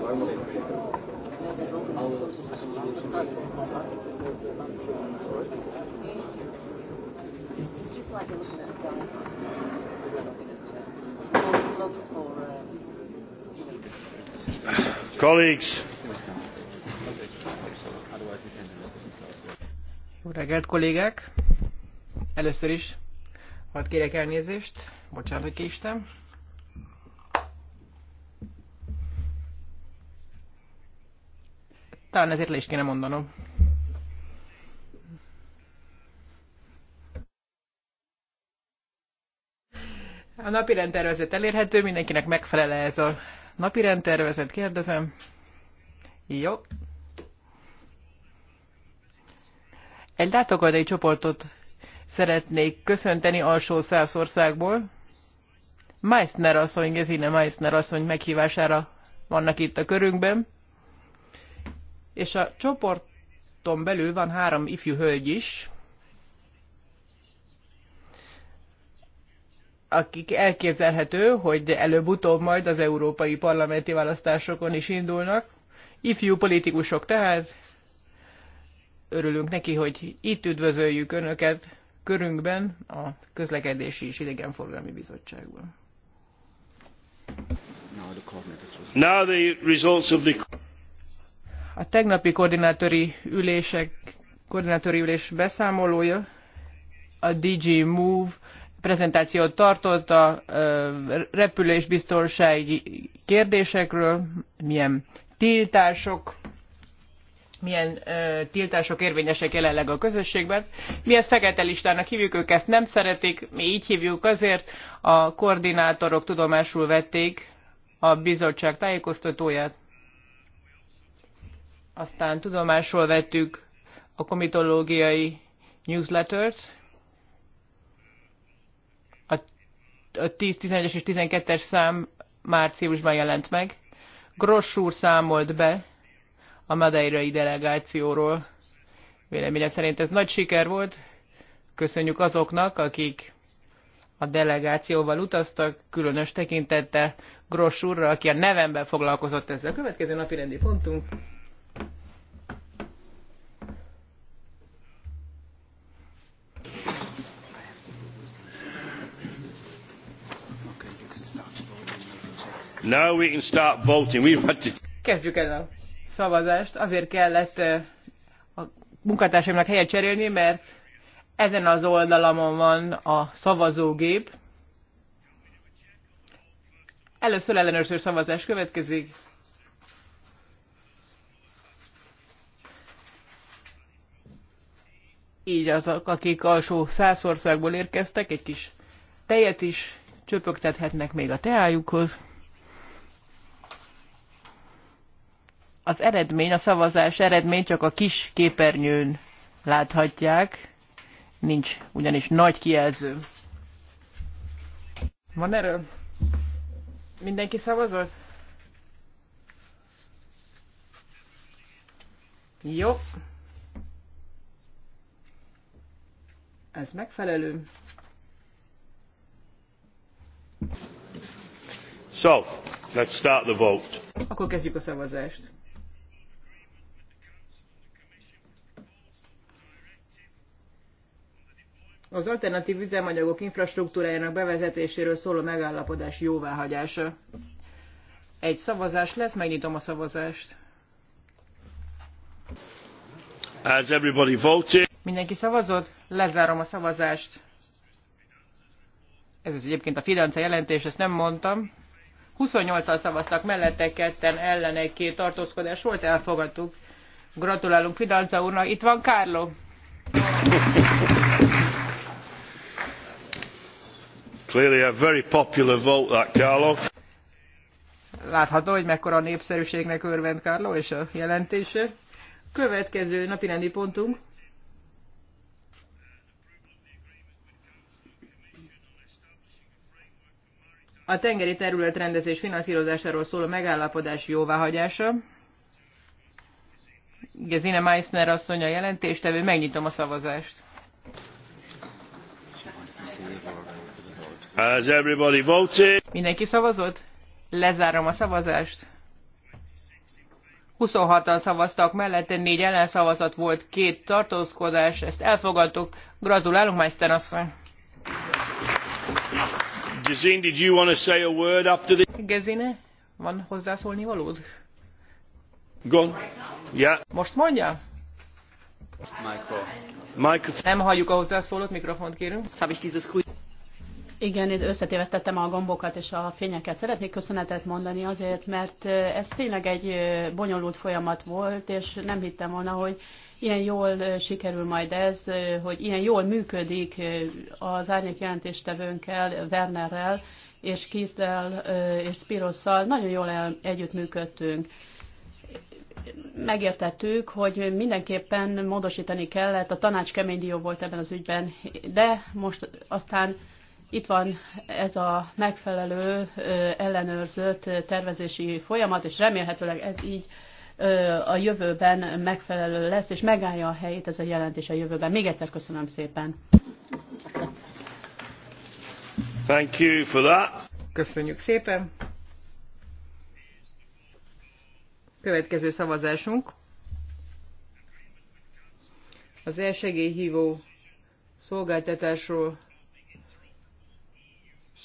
It's just like for, you Colleagues. Jó reggelt, kollégák! Először is hadd kérek elnézést, bocsánat, hogy késtem. Talán ezért le is kéne mondanom. A napi rendtervezet elérhető, mindenkinek megfelele ez a napi rendtervezet, kérdezem. Jó. Egy látogatói csoportot szeretnék köszönteni alsó száz országból. Meissner asszony, Gezine Meissner asszony meghívására vannak itt a körünkben és a csoporton belül van három ifjú hölgy is, akik elképzelhető, hogy előbb-utóbb majd az európai parlamenti választásokon is indulnak. Ifjú politikusok tehát, örülünk neki, hogy itt üdvözöljük Önöket körünkben a Közlekedési és Idegenforgalmi Bizottságban. Now the results of the... A tegnapi koordinátori ülések, koordinátori ülés beszámolója a DG Move prezentációt tartott a repülésbiztonsági kérdésekről, milyen tiltások milyen ö, tiltások érvényesek jelenleg a közösségben. Mi ezt fekete listának hívjuk, ők ezt nem szeretik, mi így hívjuk azért. A koordinátorok tudomásul vették a bizottság tájékoztatóját. Aztán tudomásról vettük a komitológiai newslettert, a 10, 11-es és 12-es szám márciusban jelent meg. Gross úr számolt be a madeirai delegációról. Véleményem szerint ez nagy siker volt. Köszönjük azoknak, akik a delegációval utaztak, különös tekintettel Gross úrra, aki a nevemben foglalkozott ezzel. A következő napi rendi pontunk Now we can start voting. We want to... Kezdjük el a szavazást. Azért kellett a munkatársaimnak helyet cserélni, mert ezen az oldalamon van a szavazógép. Először ellenőrző szavazás következik. Így azok, akik alsó százországból érkeztek, egy kis tejet is csöpögtethetnek még a teájukhoz. az eredmény, a szavazás eredmény csak a kis képernyőn láthatják, nincs ugyanis nagy kijelző. Van erről? Mindenki szavazott? Jó. Ez megfelelő. So, let's start the vote. Akkor kezdjük a szavazást. az alternatív üzemanyagok infrastruktúrájának bevezetéséről szóló megállapodás jóváhagyása. Egy szavazás lesz, megnyitom a szavazást. As everybody voted. Mindenki szavazott? Lezárom a szavazást. Ez az egyébként a Fidance jelentés, ezt nem mondtam. 28-al szavaztak mellette, ketten egy két tartózkodás volt, elfogadtuk. Gratulálunk Fidance úrnak, itt van Kárló. Látható, hogy mekkora népszerűségnek örvend Carlo és a jelentése. Következő napirendi pontunk. A tengeri területrendezés finanszírozásáról szóló megállapodás jóváhagyása. Gezine Meissner asszony a jelentéstevő, megnyitom a szavazást. Has everybody voted? Mindenki szavazott? Lezárom a szavazást. 26-an szavaztak mellette, négy ellenszavazat volt, két tartózkodás, ezt elfogadtuk. Gratulálunk, Meister asszony! Gezine, did you want to say a word after van hozzászólni valód? Gone. Yeah. Most mondja? Michael. Michael. Nem halljuk a hozzászólót, mikrofont kérünk. Igen, én összetévesztettem a gombokat és a fényeket. Szeretnék köszönetet mondani azért, mert eh, ez tényleg egy eh, bonyolult folyamat volt, és nem hittem volna, hogy ilyen jól eh, sikerül majd ez, hogy ilyen jól működik az árnyék jelentéstevőnkkel, Wernerrel, és Kirtel és Spirosszal. Nagyon jól el, együttműködtünk megértettük, hogy mindenképpen módosítani kellett, a tanács kemény dió volt ebben az ügyben, de most aztán itt van ez a megfelelő ellenőrzött tervezési folyamat, és remélhetőleg ez így a jövőben megfelelő lesz, és megállja a helyét ez a jelentés a jövőben. Még egyszer köszönöm szépen. Thank you for that. Köszönjük szépen. Következő szavazásunk. Az elsegélyhívó szolgáltatásról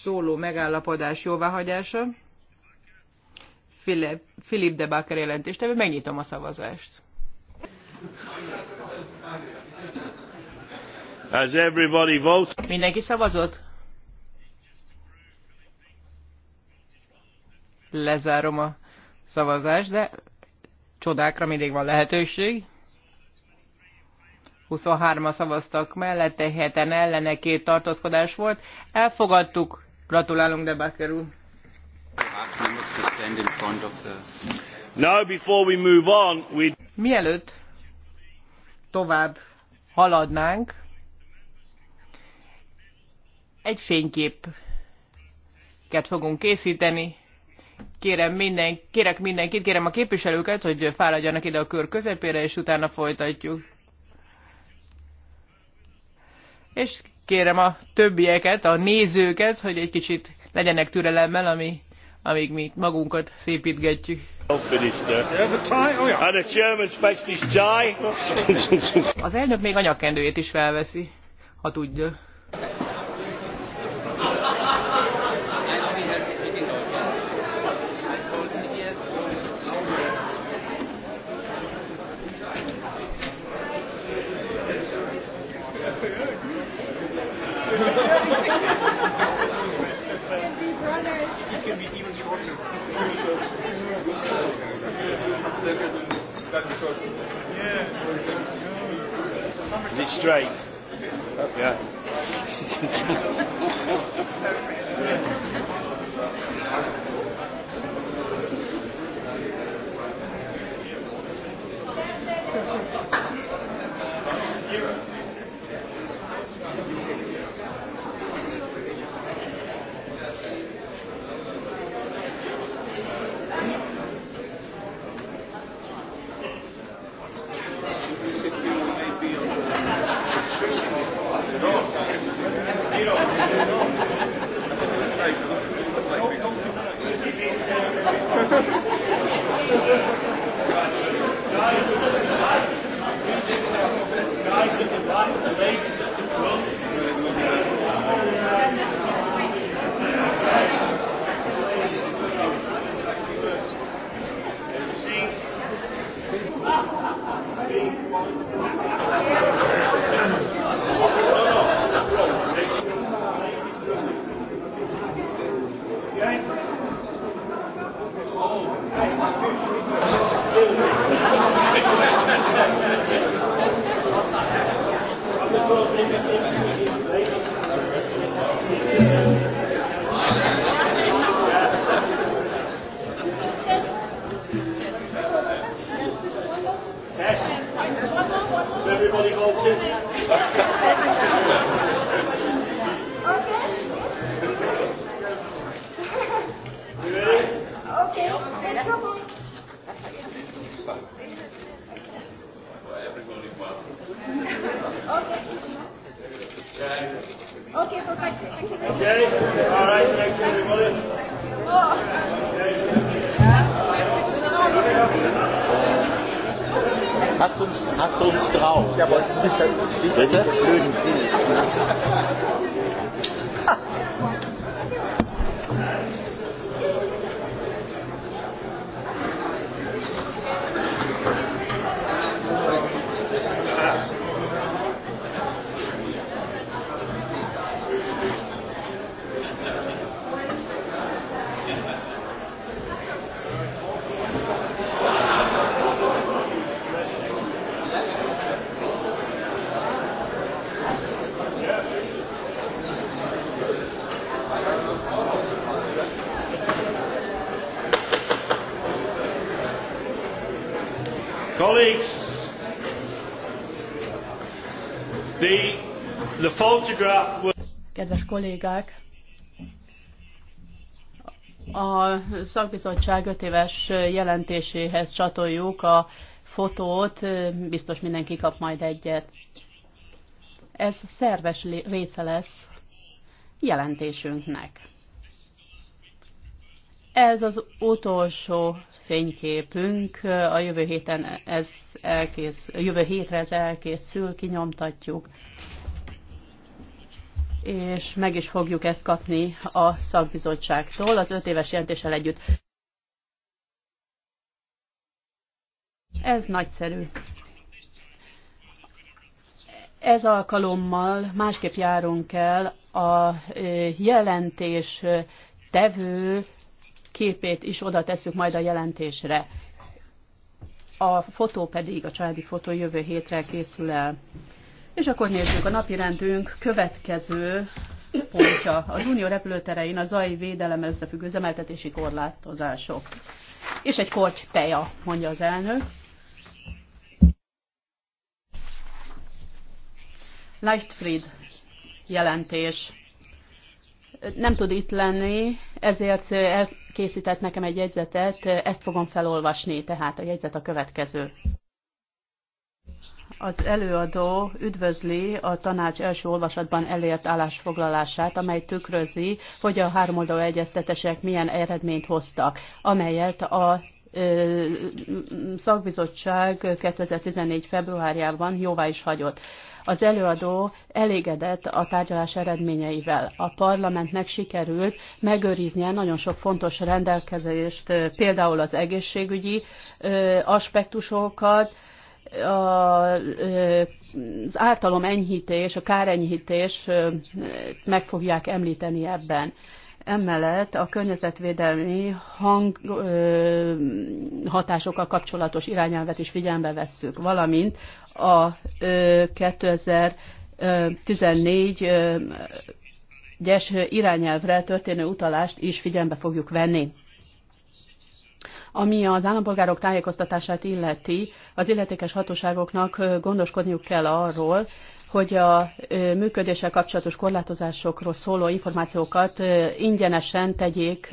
szóló megállapodás jóváhagyása. Philip, de Bakker tehát megnyitom a szavazást. Has everybody voted? Mindenki szavazott? Lezárom a szavazást, de csodákra mindig van lehetőség. 23 a szavaztak mellette, heten ellene két tartózkodás volt. Elfogadtuk Gratulálunk, Debaker úr. Now, before we move on, we... Mielőtt tovább haladnánk, egy fényképet fogunk készíteni. Kérem minden, kérek mindenkit, kérem a képviselőket, hogy fáradjanak ide a kör közepére, és utána folytatjuk. És kérem a többieket, a nézőket, hogy egy kicsit legyenek türelemmel, ami, amíg mi magunkat szépítgetjük. Oh, Az elnök még anyakendőjét is felveszi, ha tudja. Is it straight? Yeah. Kedves kollégák, a szakbizottság öt éves jelentéséhez csatoljuk a fotót, biztos mindenki kap majd egyet. Ez szerves része lesz jelentésünknek. Ez az utolsó fényképünk, a jövő héten ez elkész, jövő hétre ez elkészül, kinyomtatjuk és meg is fogjuk ezt kapni a szakbizottságtól az öt éves jelentéssel együtt. Ez nagyszerű. Ez alkalommal másképp járunk el a jelentés tevő képét is oda tesszük majd a jelentésre. A fotó pedig, a családi fotó jövő hétre készül el. És akkor nézzük a napirendünk következő pontja. Az unió repülőterein a zaj védelem összefüggő üzemeltetési korlátozások. És egy korty teja, mondja az elnök. Leichtfried jelentés. Nem tud itt lenni, ezért készített nekem egy jegyzetet, ezt fogom felolvasni, tehát a jegyzet a következő. Az előadó üdvözli a tanács első olvasatban elért állásfoglalását, amely tükrözi, hogy a háromoldalú egyeztetések milyen eredményt hoztak, amelyet a szakbizottság 2014. februárjában jóvá is hagyott. Az előadó elégedett a tárgyalás eredményeivel. A parlamentnek sikerült megőriznie nagyon sok fontos rendelkezést, például az egészségügyi aspektusokat, a, az ártalom enyhítés, a kárenyhítés meg fogják említeni ebben. Emellett a környezetvédelmi hang, ö, hatásokkal kapcsolatos irányelvet is figyelembe vesszük, valamint a ö, 2014 ö, gyes irányelvre történő utalást is figyelembe fogjuk venni. Ami az állampolgárok tájékoztatását illeti, az illetékes hatóságoknak gondoskodniuk kell arról, hogy a működéssel kapcsolatos korlátozásokról szóló információkat ingyenesen tegyék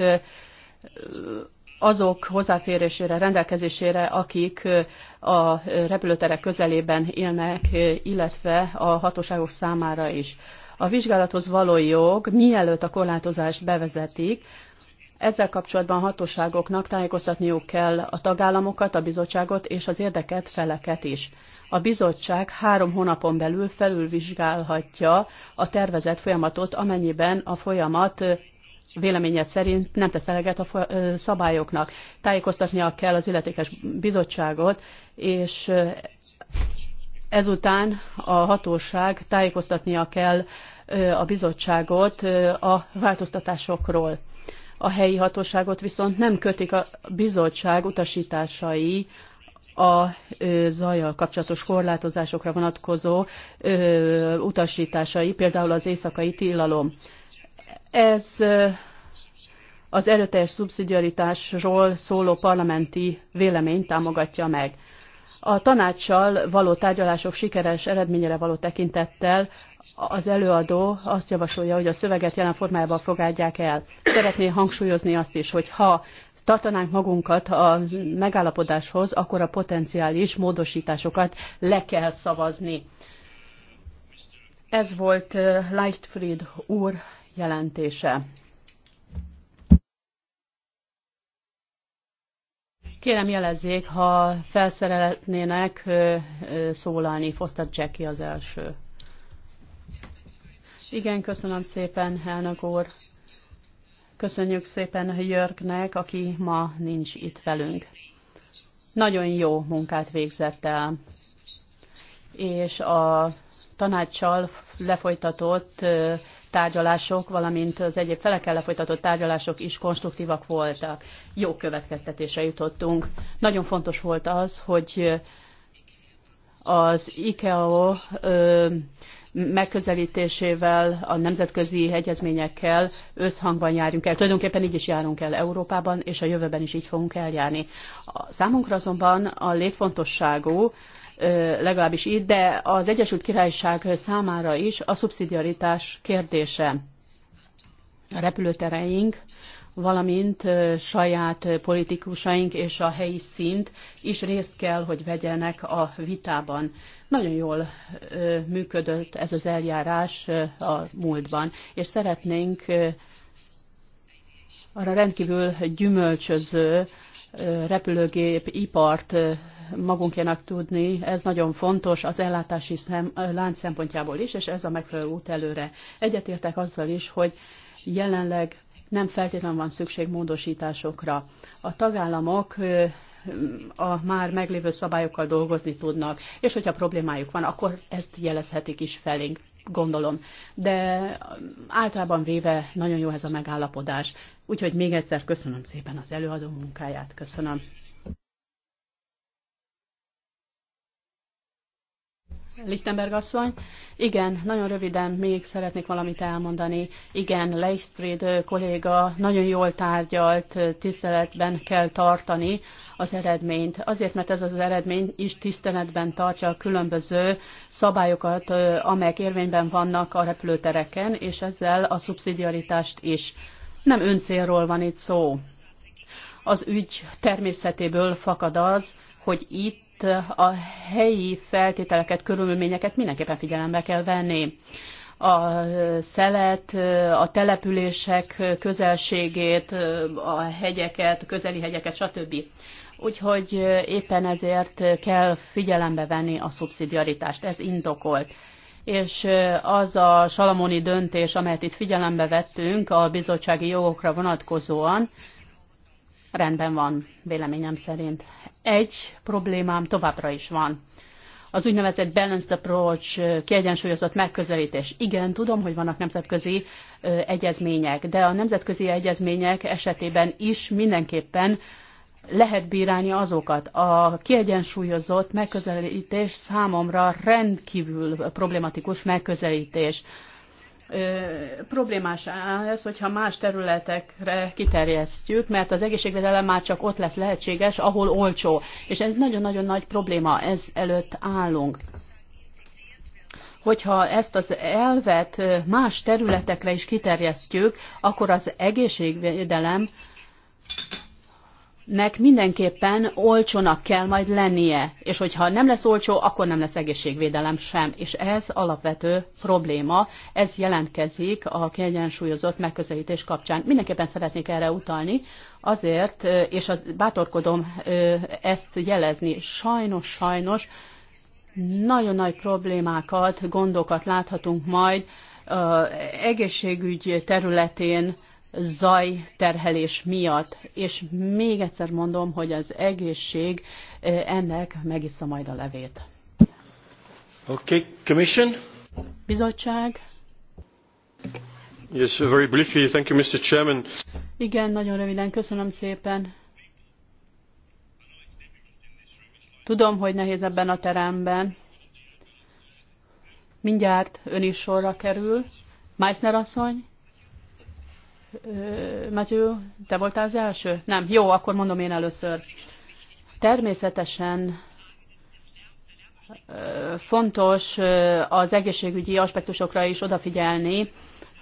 azok hozzáférésére, rendelkezésére, akik a repülőterek közelében élnek, illetve a hatóságok számára is. A vizsgálathoz való jog, mielőtt a korlátozást bevezetik, ezzel kapcsolatban hatóságoknak tájékoztatniuk kell a tagállamokat, a bizottságot és az érdeket feleket is. A bizottság három hónapon belül felülvizsgálhatja a tervezett folyamatot, amennyiben a folyamat véleményed szerint nem tesz eleget a szabályoknak. Tájékoztatnia kell az illetékes bizottságot, és ezután a hatóság tájékoztatnia kell a bizottságot a változtatásokról a helyi hatóságot viszont nem kötik a bizottság utasításai a zajjal kapcsolatos korlátozásokra vonatkozó utasításai, például az éjszakai tilalom. Ez az erőteljes szubszidiaritásról szóló parlamenti vélemény támogatja meg. A tanácssal való tárgyalások sikeres eredményére való tekintettel az előadó azt javasolja, hogy a szöveget jelen formájában fogadják el. Szeretné hangsúlyozni azt is, hogy ha tartanánk magunkat a megállapodáshoz, akkor a potenciális módosításokat le kell szavazni. Ez volt eh, Leichtfried úr jelentése. Kérem jelezzék, ha felszeretnének szólalni. Foster Jackie az első. Igen, köszönöm szépen, elnök úr. Köszönjük szépen Jörgnek, aki ma nincs itt velünk. Nagyon jó munkát végzett el, és a tanácssal lefolytatott tárgyalások, valamint az egyéb felekkel lefolytatott tárgyalások is konstruktívak voltak. Jó következtetésre jutottunk. Nagyon fontos volt az, hogy az ICAO megközelítésével, a nemzetközi egyezményekkel összhangban járjunk el. Tulajdonképpen így is járunk el Európában, és a jövőben is így fogunk eljárni. A számunkra azonban a létfontosságú, legalábbis itt, de az Egyesült Királyság számára is a szubszidiaritás kérdése. A repülőtereink, valamint saját politikusaink és a helyi szint is részt kell, hogy vegyenek a vitában. Nagyon jól működött ez az eljárás a múltban, és szeretnénk arra rendkívül gyümölcsöző repülőgép ipart magunkénak tudni, ez nagyon fontos az ellátási szem, lánc szempontjából is, és ez a megfelelő út előre. Egyetértek azzal is, hogy jelenleg nem feltétlenül van szükség módosításokra. A tagállamok a már meglévő szabályokkal dolgozni tudnak, és hogyha problémájuk van, akkor ezt jelezhetik is felénk gondolom. De általában véve nagyon jó ez a megállapodás. Úgyhogy még egyszer köszönöm szépen az előadó munkáját, köszönöm. Lichtenberg asszony. Igen, nagyon röviden még szeretnék valamit elmondani. Igen, Leichtfried kolléga nagyon jól tárgyalt, tiszteletben kell tartani az eredményt. Azért, mert ez az eredmény is tiszteletben tartja a különböző szabályokat, amelyek érvényben vannak a repülőtereken, és ezzel a szubszidiaritást is. Nem öncélról van itt szó. Az ügy természetéből fakad az, hogy itt a helyi feltételeket, körülményeket mindenképpen figyelembe kell venni. A szelet, a települések közelségét, a hegyeket, közeli hegyeket, stb. Úgyhogy éppen ezért kell figyelembe venni a szubszidiaritást, ez indokolt. És az a salamoni döntés, amelyet itt figyelembe vettünk a bizottsági jogokra vonatkozóan, rendben van, véleményem szerint. Egy problémám továbbra is van. Az úgynevezett balanced approach, kiegyensúlyozott megközelítés. Igen, tudom, hogy vannak nemzetközi egyezmények, de a nemzetközi egyezmények esetében is mindenképpen lehet bírálni azokat. A kiegyensúlyozott megközelítés számomra rendkívül problematikus megközelítés problémás ez, hogyha más területekre kiterjesztjük, mert az egészségvédelem már csak ott lesz lehetséges, ahol olcsó. És ez nagyon-nagyon nagy probléma, ez előtt állunk. Hogyha ezt az elvet más területekre is kiterjesztjük, akkor az egészségvédelem nek mindenképpen olcsónak kell majd lennie, és hogyha nem lesz olcsó, akkor nem lesz egészségvédelem sem, és ez alapvető probléma, ez jelentkezik a kiegyensúlyozott megközelítés kapcsán. Mindenképpen szeretnék erre utalni, azért, és az, bátorkodom ezt jelezni, sajnos, sajnos nagyon nagy problémákat, gondokat láthatunk majd egészségügy területén, zaj terhelés miatt. És még egyszer mondom, hogy az egészség ennek megissza majd a levét. Okay, Commission? Bizottság? Yes, very briefly. Thank you, Mr. Chairman. Igen, nagyon röviden. Köszönöm szépen. Tudom, hogy nehéz ebben a teremben. Mindjárt ön is sorra kerül. Meissner asszony? Matthew, te voltál az első? Nem, jó, akkor mondom én először. Természetesen fontos az egészségügyi aspektusokra is odafigyelni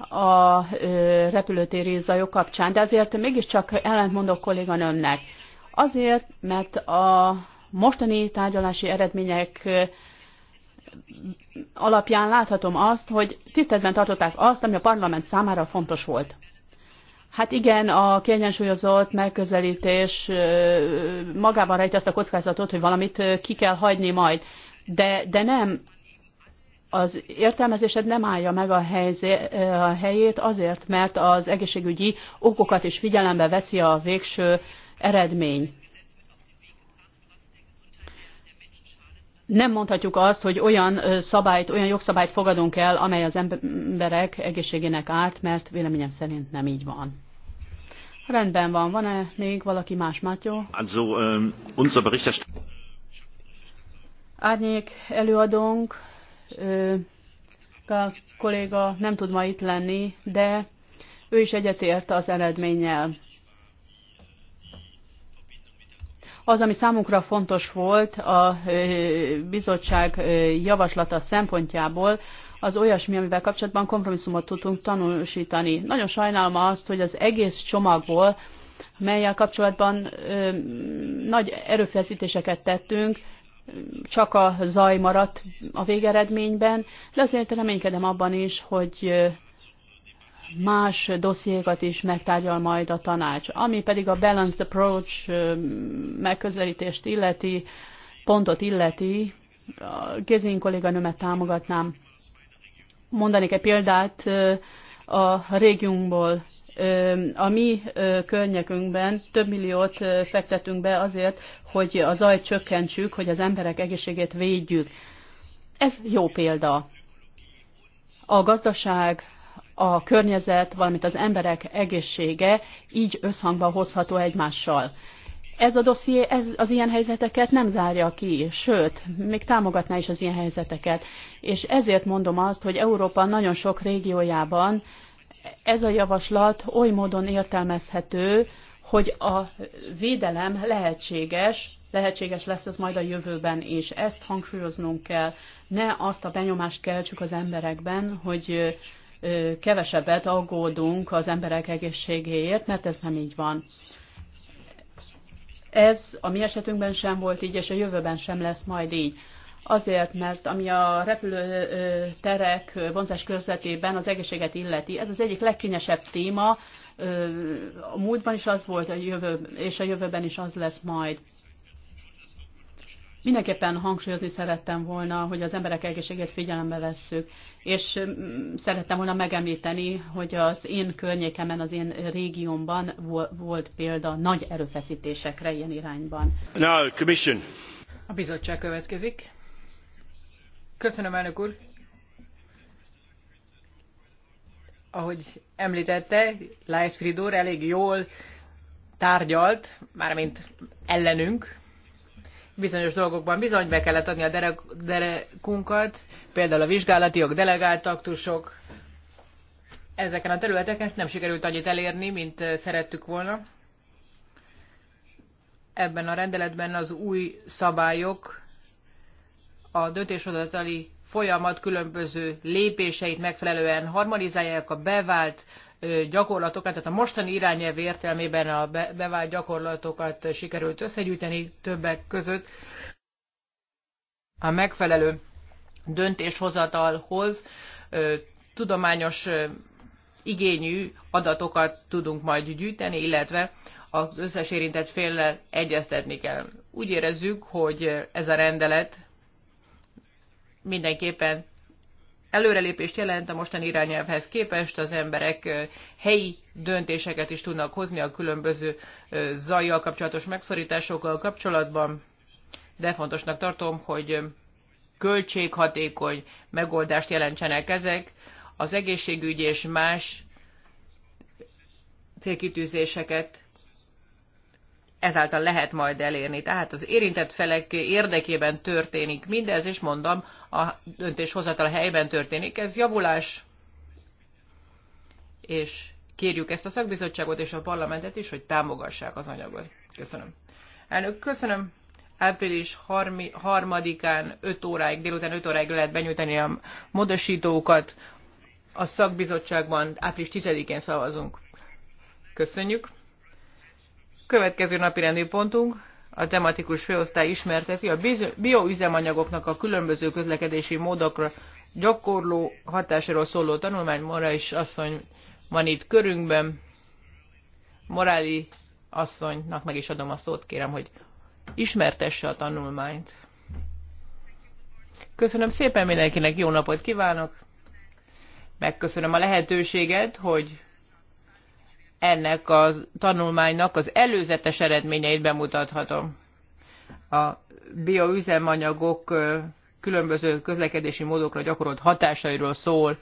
a repülőtéri zajok kapcsán, de azért mégiscsak ellentmondok kolléganőmnek. Azért, mert a mostani tárgyalási eredmények alapján láthatom azt, hogy tiszteletben tartották azt, ami a parlament számára fontos volt. Hát igen, a kiegyensúlyozott megközelítés magában rejti azt a kockázatot, hogy valamit ki kell hagyni majd. De, de nem, az értelmezésed nem állja meg a, helyzé, a helyét azért, mert az egészségügyi okokat is figyelembe veszi a végső eredmény. nem mondhatjuk azt, hogy olyan szabályt, olyan jogszabályt fogadunk el, amely az emberek egészségének árt, mert véleményem szerint nem így van. Rendben van. Van-e még valaki más, Mátyó? Also, um, unser Berichterstatter... Árnyék előadónk, a kolléga nem tud ma itt lenni, de ő is egyetért az eredménnyel. Az, ami számunkra fontos volt a bizottság javaslata szempontjából, az olyasmi, amivel kapcsolatban kompromisszumot tudtunk tanúsítani. Nagyon sajnálom azt, hogy az egész csomagból, melyel kapcsolatban ö, nagy erőfeszítéseket tettünk, csak a zaj maradt a végeredményben, de azért reménykedem abban is, hogy más dossziékat is megtárgyal majd a tanács. Ami pedig a balanced approach megközelítést illeti, pontot illeti, Gézin kolléganőmet támogatnám. Mondanék egy példát a régiumból. A mi környekünkben több milliót fektetünk be azért, hogy a zajt csökkentsük, hogy az emberek egészségét védjük. Ez jó példa. A gazdaság, a környezet, valamint az emberek egészsége így összhangba hozható egymással. Ez a dosszié ez, az ilyen helyzeteket nem zárja ki, sőt, még támogatná is az ilyen helyzeteket. És ezért mondom azt, hogy Európa nagyon sok régiójában ez a javaslat oly módon értelmezhető, hogy a védelem lehetséges, lehetséges lesz ez majd a jövőben, és ezt hangsúlyoznunk kell. Ne azt a benyomást keltsük az emberekben, hogy kevesebbet aggódunk az emberek egészségéért, mert ez nem így van. Ez a mi esetünkben sem volt így, és a jövőben sem lesz majd így. Azért, mert ami a repülőterek vonzás körzetében az egészséget illeti, ez az egyik legkényesebb téma, a múltban is az volt, a jövő, és a jövőben is az lesz majd. Mindenképpen hangsúlyozni szerettem volna, hogy az emberek egészségét figyelembe vesszük, és mm, szerettem volna megemlíteni, hogy az én környékemen, az én régiómban volt példa nagy erőfeszítésekre ilyen irányban. Now, commission. A bizottság következik. Köszönöm, elnök úr. Ahogy említette, Lajos Fridor elég jól tárgyalt, mármint ellenünk, bizonyos dolgokban bizony be kellett adni a derekunkat, például a vizsgálati jog, delegált aktusok. Ezeken a területeken nem sikerült annyit elérni, mint eh, szerettük volna. Ebben a rendeletben az új szabályok a döntéshozatali folyamat különböző lépéseit megfelelően harmonizálják a bevált gyakorlatokat, tehát a mostani irányelv értelmében a bevált gyakorlatokat sikerült összegyűjteni többek között a megfelelő döntéshozatalhoz tudományos igényű adatokat tudunk majd gyűjteni, illetve az összes érintett féllel egyeztetni kell. Úgy érezzük, hogy ez a rendelet mindenképpen előrelépést jelent a mostani irányelvhez képest, az emberek helyi döntéseket is tudnak hozni a különböző zajjal kapcsolatos megszorításokkal kapcsolatban, de fontosnak tartom, hogy költséghatékony megoldást jelentsenek ezek, az egészségügy és más célkitűzéseket ezáltal lehet majd elérni. Tehát az érintett felek érdekében történik mindez, és mondom, a döntéshozatal helyben történik. Ez javulás, és kérjük ezt a szakbizottságot és a parlamentet is, hogy támogassák az anyagot. Köszönöm. Elnök, köszönöm. Április 3-án 5 óráig, délután 5 óráig lehet benyújtani a módosítókat. A szakbizottságban április 10-én szavazunk. Köszönjük. Következő napi rendi pontunk a tematikus főosztály ismerteti a bioüzemanyagoknak a különböző közlekedési módokra gyakorló hatásáról szóló tanulmány. Morális asszony van itt körünkben. Moráli asszonynak meg is adom a szót, kérem, hogy ismertesse a tanulmányt. Köszönöm szépen mindenkinek, jó napot kívánok! Megköszönöm a lehetőséget, hogy ennek a tanulmánynak az előzetes eredményeit bemutathatom. A bioüzemanyagok különböző közlekedési módokra gyakorolt hatásairól szól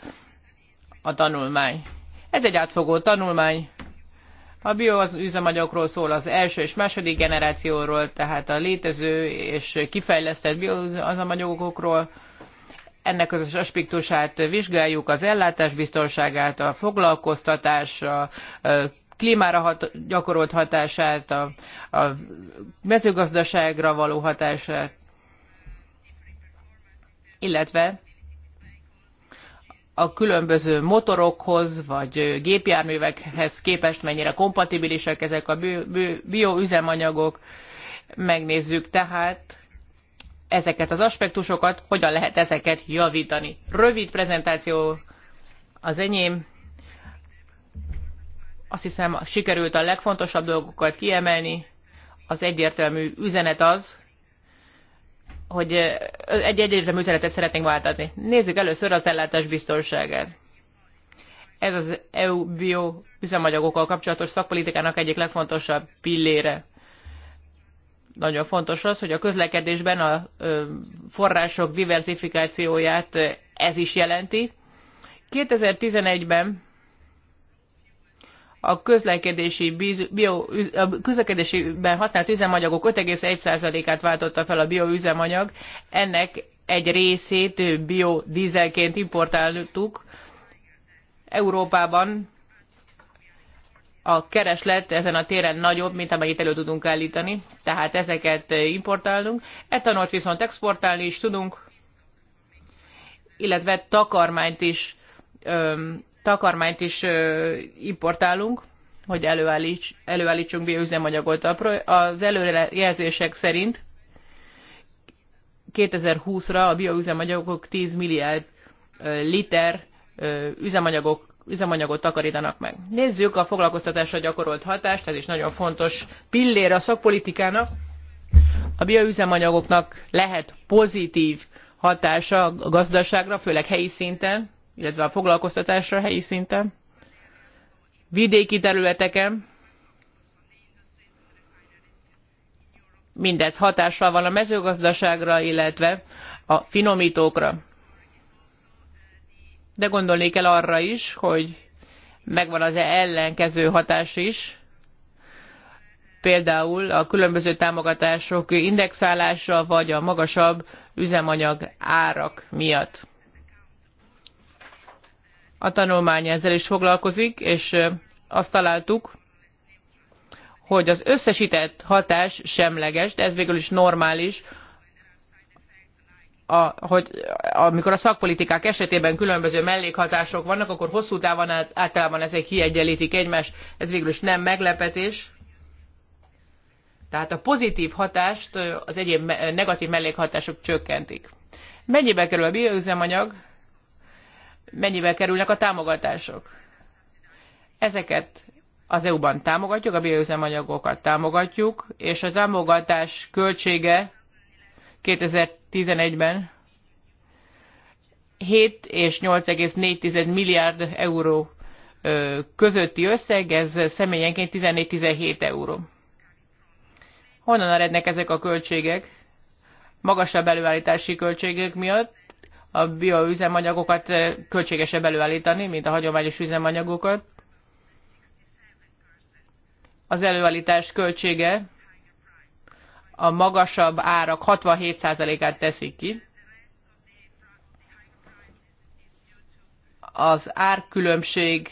a tanulmány. Ez egy átfogó tanulmány. A bioüzemanyagokról szól az első és második generációról, tehát a létező és kifejlesztett bioüzemanyagokról, ennek az aspektusát vizsgáljuk, az ellátás biztonságát, a foglalkoztatás, a klímára hat, gyakorolt hatását, a, a mezőgazdaságra való hatását, illetve a különböző motorokhoz vagy gépjárművekhez képest mennyire kompatibilisek ezek a bioüzemanyagok. Megnézzük tehát ezeket az aspektusokat, hogyan lehet ezeket javítani. Rövid prezentáció az enyém. Azt hiszem, sikerült a legfontosabb dolgokat kiemelni. Az egyértelmű üzenet az, hogy egy egyértelmű üzenetet szeretnénk váltatni. Nézzük először az ellátás biztonságát. Ez az EU bio üzemanyagokkal kapcsolatos szakpolitikának egyik legfontosabb pillére nagyon fontos az, hogy a közlekedésben a források diversifikációját ez is jelenti. 2011-ben a közlekedési, bio, a közlekedésiben használt üzemanyagok 5,1%-át váltotta fel a bioüzemanyag. Ennek egy részét biodízelként importáltuk. Európában a kereslet ezen a téren nagyobb, mint amelyet elő tudunk állítani, tehát ezeket importálunk. Etanolt viszont exportálni is tudunk, illetve takarmányt is, öm, takarmányt is ö, importálunk, hogy előállíts, előállítsunk bioüzemanyagot. Az előrejelzések szerint 2020-ra a bioüzemanyagok 10 milliárd liter üzemanyagok üzemanyagot takarítanak meg. Nézzük a foglalkoztatásra gyakorolt hatást, ez is nagyon fontos pillér a szakpolitikának. A bioüzemanyagoknak lehet pozitív hatása a gazdaságra, főleg helyi szinten, illetve a foglalkoztatásra helyi szinten. Vidéki területeken mindez hatással van a mezőgazdaságra, illetve a finomítókra de gondolni kell arra is, hogy megvan az ellenkező hatás is, például a különböző támogatások indexálása, vagy a magasabb üzemanyag árak miatt. A tanulmány ezzel is foglalkozik, és azt találtuk, hogy az összesített hatás semleges, de ez végül is normális a, hogy amikor a szakpolitikák esetében különböző mellékhatások vannak, akkor hosszú távon át, általában ezek kiegyenlítik egymást, ez végül is nem meglepetés. Tehát a pozitív hatást az egyéb negatív mellékhatások csökkentik. Mennyibe kerül a bioüzemanyag? Mennyibe kerülnek a támogatások? Ezeket az EU-ban támogatjuk, a bioüzemanyagokat támogatjuk, és a támogatás költsége 2000 2011-ben 7 és 8,4 milliárd euró közötti összeg, ez személyenként 14-17 euró. Honnan erednek ezek a költségek? Magasabb előállítási költségek miatt a bioüzemanyagokat költségesebb előállítani, mint a hagyományos üzemanyagokat. Az előállítás költsége a magasabb árak 67%-át teszik ki. Az árkülönbség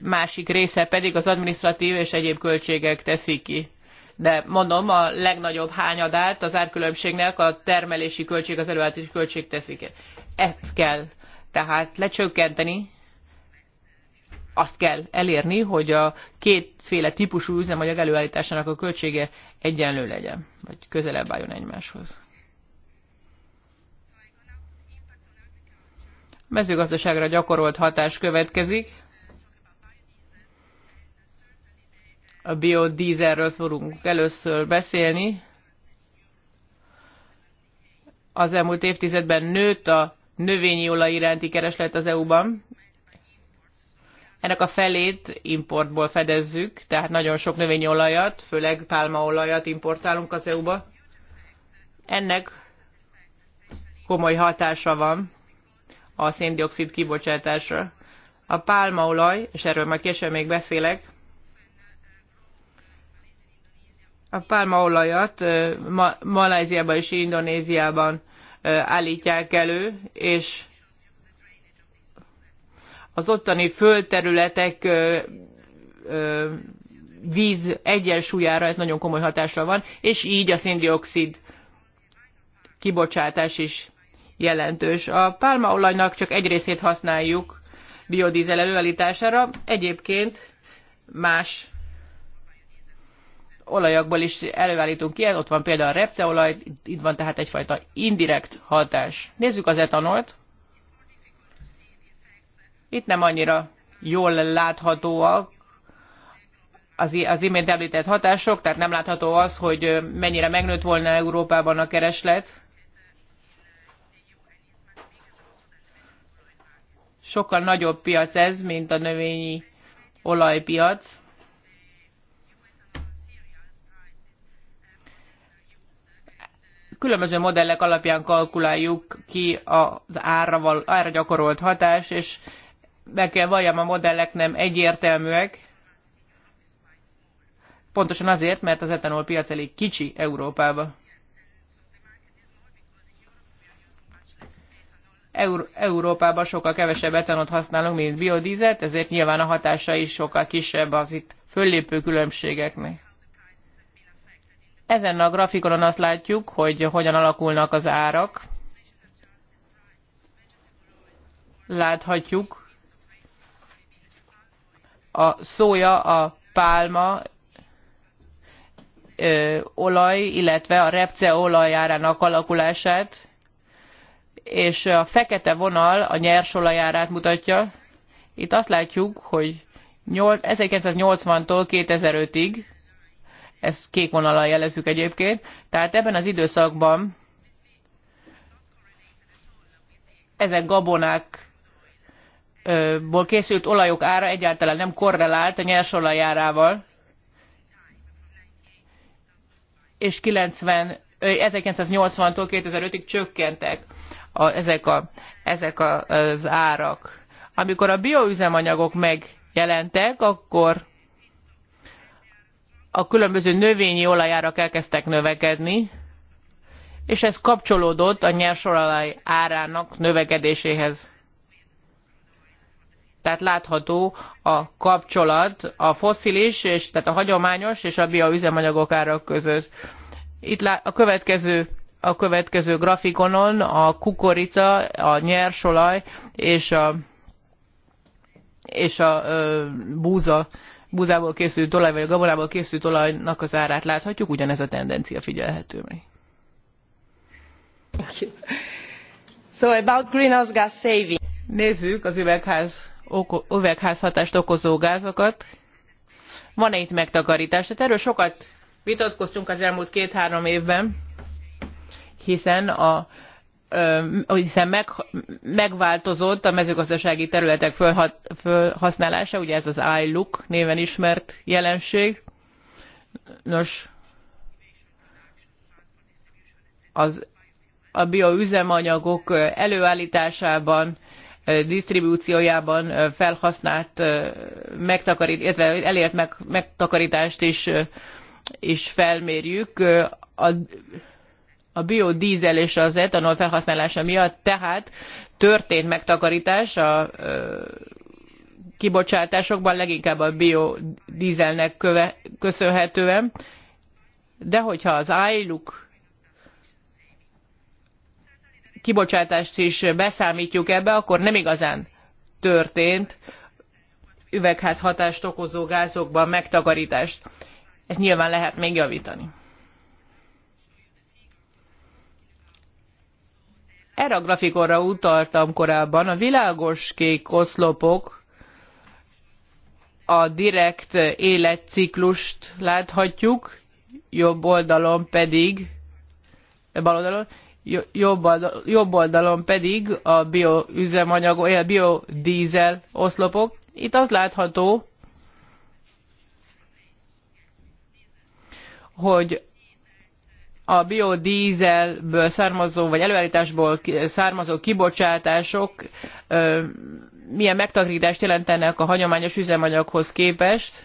másik része pedig az administratív és egyéb költségek teszik ki. De mondom, a legnagyobb hányadát az árkülönbségnek a termelési költség, az előállítási költség teszik. Ezt kell tehát lecsökkenteni, azt kell elérni, hogy a kétféle típusú üzemanyag előállításának a költsége egyenlő legyen, vagy közelebb álljon egymáshoz. A mezőgazdaságra gyakorolt hatás következik. A biodízerről fogunk először beszélni. Az elmúlt évtizedben nőtt a növényi olaj iránti kereslet az EU-ban, ennek a felét importból fedezzük, tehát nagyon sok növényolajat, főleg pálmaolajat importálunk az EU-ba. Ennek komoly hatása van a széndiokszid kibocsátásra. A pálmaolaj, és erről majd később még beszélek, a pálmaolajat Ma- Malajziában és Indonéziában állítják elő, és az ottani földterületek víz egyensúlyára ez nagyon komoly hatással van, és így a széndiokszid kibocsátás is jelentős. A pálmaolajnak csak egy részét használjuk biodízel előállítására, egyébként más olajakból is előállítunk ilyen, ott van például a repceolaj, itt van tehát egyfajta indirekt hatás. Nézzük az etanolt. Itt nem annyira jól láthatóak az, az imént említett hatások, tehát nem látható az, hogy mennyire megnőtt volna Európában a kereslet. Sokkal nagyobb piac ez, mint a növényi olajpiac. Különböző modellek alapján kalkuláljuk ki az ára, ára gyakorolt hatás, és be kell valljam, a modellek nem egyértelműek. Pontosan azért, mert az etanol piac elég kicsi Európába. Eur- Európában sokkal kevesebb etanot használunk, mint biodízet, ezért nyilván a hatása is sokkal kisebb az itt föllépő különbségeknek. Ezen a grafikonon azt látjuk, hogy hogyan alakulnak az árak. Láthatjuk, a szója, a pálma ö, olaj, illetve a repce olajárának alakulását, és a fekete vonal a nyers olajárát mutatja. Itt azt látjuk, hogy 1980-tól 2005-ig, ez kék vonalal jelezzük egyébként, tehát ebben az időszakban ezek gabonák ból készült olajok ára egyáltalán nem korrelált a nyersolaj árával, és 90, 1980-tól 2005-ig csökkentek a, ezek, a, ezek a, az árak. Amikor a bioüzemanyagok megjelentek, akkor a különböző növényi olajárak elkezdtek növekedni, és ez kapcsolódott a nyersolaj árának növekedéséhez. Tehát látható a kapcsolat a foszilis, és, tehát a hagyományos és a bioüzemanyagok árak között. Itt a következő a következő grafikonon a kukorica, a nyersolaj és a, és a ö, búza, búzából készült olaj, vagy a gabonából készült olajnak az árát láthatjuk, ugyanez a tendencia figyelhető meg. So about greenhouse gas saving. Nézzük az üvegház üvegházhatást okozó gázokat. Van-e itt megtakarítás? Tehát erről sokat vitatkoztunk az elmúlt két-három évben, hiszen a hiszen meg, megváltozott a mezőgazdasági területek fölhasználása, ugye ez az ILUC néven ismert jelenség. Nos, az, a bioüzemanyagok előállításában, disztribúciójában felhasznált megtakarít, illetve elért meg, megtakarítást is, is felmérjük. A, a biodízel és az etanol felhasználása miatt tehát történt megtakarítás a kibocsátásokban, leginkább a biodízelnek köve, köszönhetően, de hogyha az ájluk kibocsátást is beszámítjuk ebbe, akkor nem igazán történt üvegházhatást okozó gázokban megtakarítást. Ezt nyilván lehet még javítani. Erre a grafikonra utaltam korábban, a világos kék oszlopok a direkt életciklust láthatjuk, jobb oldalon pedig, bal oldalon jobb, oldal, jobb oldalon pedig a bioüzemanyag, a biodízel oszlopok. Itt az látható, hogy a biodízelből származó, vagy előállításból származó kibocsátások milyen megtakarítást jelentenek a hagyományos üzemanyaghoz képest.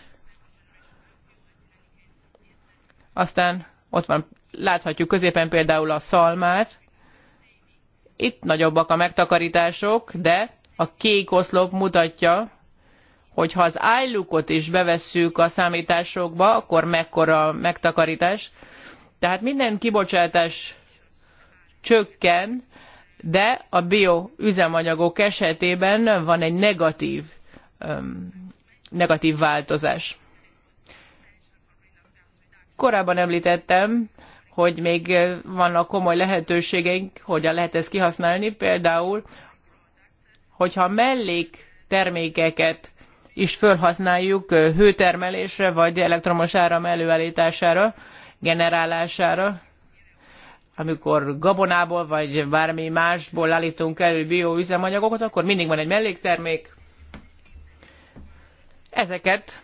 Aztán ott van Láthatjuk középen például a szalmát. Itt nagyobbak a megtakarítások, de a kék oszlop mutatja, hogy ha az állukot is bevesszük a számításokba, akkor mekkora a megtakarítás. Tehát minden kibocsátás csökken, de a bioüzemanyagok esetében van egy negatív, um, negatív változás. Korábban említettem hogy még eh, vannak komoly lehetőségeink, hogyan lehet ezt kihasználni, például, hogyha mellék termékeket is felhasználjuk eh, hőtermelésre, vagy elektromos áram előállítására, generálására, amikor gabonából, vagy bármi másból állítunk elő bioüzemanyagokat, akkor mindig van egy melléktermék. Ezeket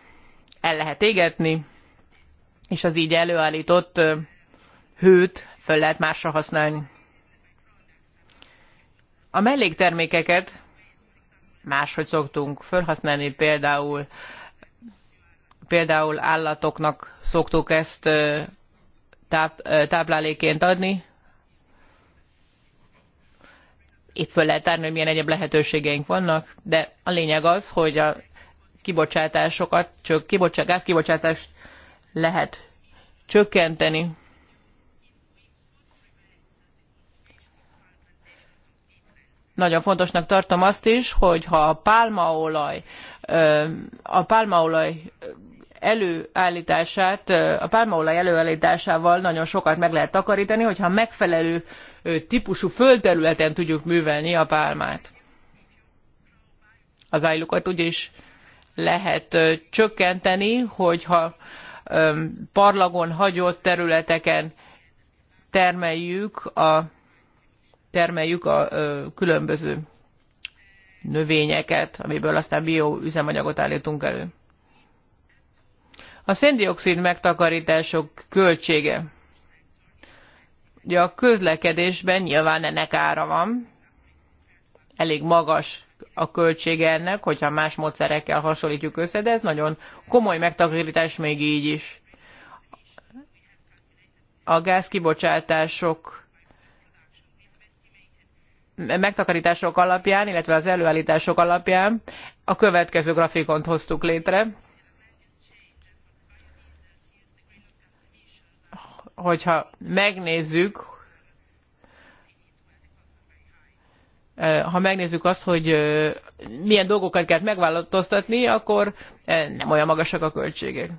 el lehet égetni, és az így előállított eh, hőt föl lehet másra használni. A melléktermékeket máshogy szoktunk felhasználni, például, például állatoknak szoktuk ezt táp, tápláléként adni. Itt föl lehet tárni, hogy milyen egyéb lehetőségeink vannak, de a lényeg az, hogy a kibocsátásokat, csak kibocsátást lehet csökkenteni. Nagyon fontosnak tartom azt is, hogy ha a pálmaolaj, a pálmaolaj előállítását, a pálmaolaj előállításával nagyon sokat meg lehet takarítani, hogyha megfelelő típusú földterületen tudjuk művelni a pálmát. Az ájlukat úgyis lehet csökkenteni, hogyha parlagon hagyott területeken termeljük a termeljük a különböző növényeket, amiből aztán bioüzemanyagot állítunk elő. A széndiokszid megtakarítások költsége. Ugye a közlekedésben nyilván ennek ára van, elég magas a költsége ennek, hogyha más módszerekkel hasonlítjuk össze, de ez nagyon komoly megtakarítás még így is. A gázkibocsátások megtakarítások alapján, illetve az előállítások alapján a következő grafikont hoztuk létre. Hogyha megnézzük, ha megnézzük azt, hogy milyen dolgokat kell megváltoztatni, akkor nem olyan magasak a költségek.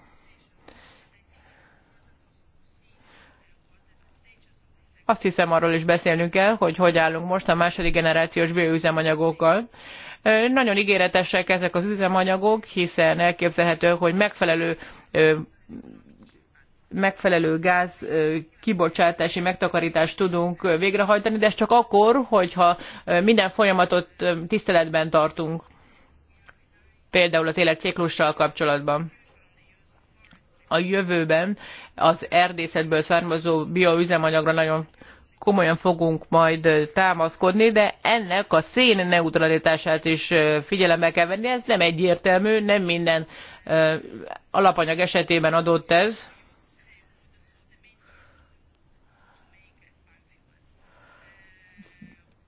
Azt hiszem, arról is beszélnünk kell, hogy hogy állunk most a második generációs bioüzemanyagokkal. Nagyon ígéretesek ezek az üzemanyagok, hiszen elképzelhető, hogy megfelelő megfelelő gáz kibocsátási megtakarítást tudunk végrehajtani, de ez csak akkor, hogyha minden folyamatot tiszteletben tartunk, például az életciklussal kapcsolatban a jövőben az erdészetből származó bioüzemanyagra nagyon komolyan fogunk majd támaszkodni, de ennek a szén neutralitását is figyelembe kell venni. Ez nem egyértelmű, nem minden alapanyag esetében adott ez.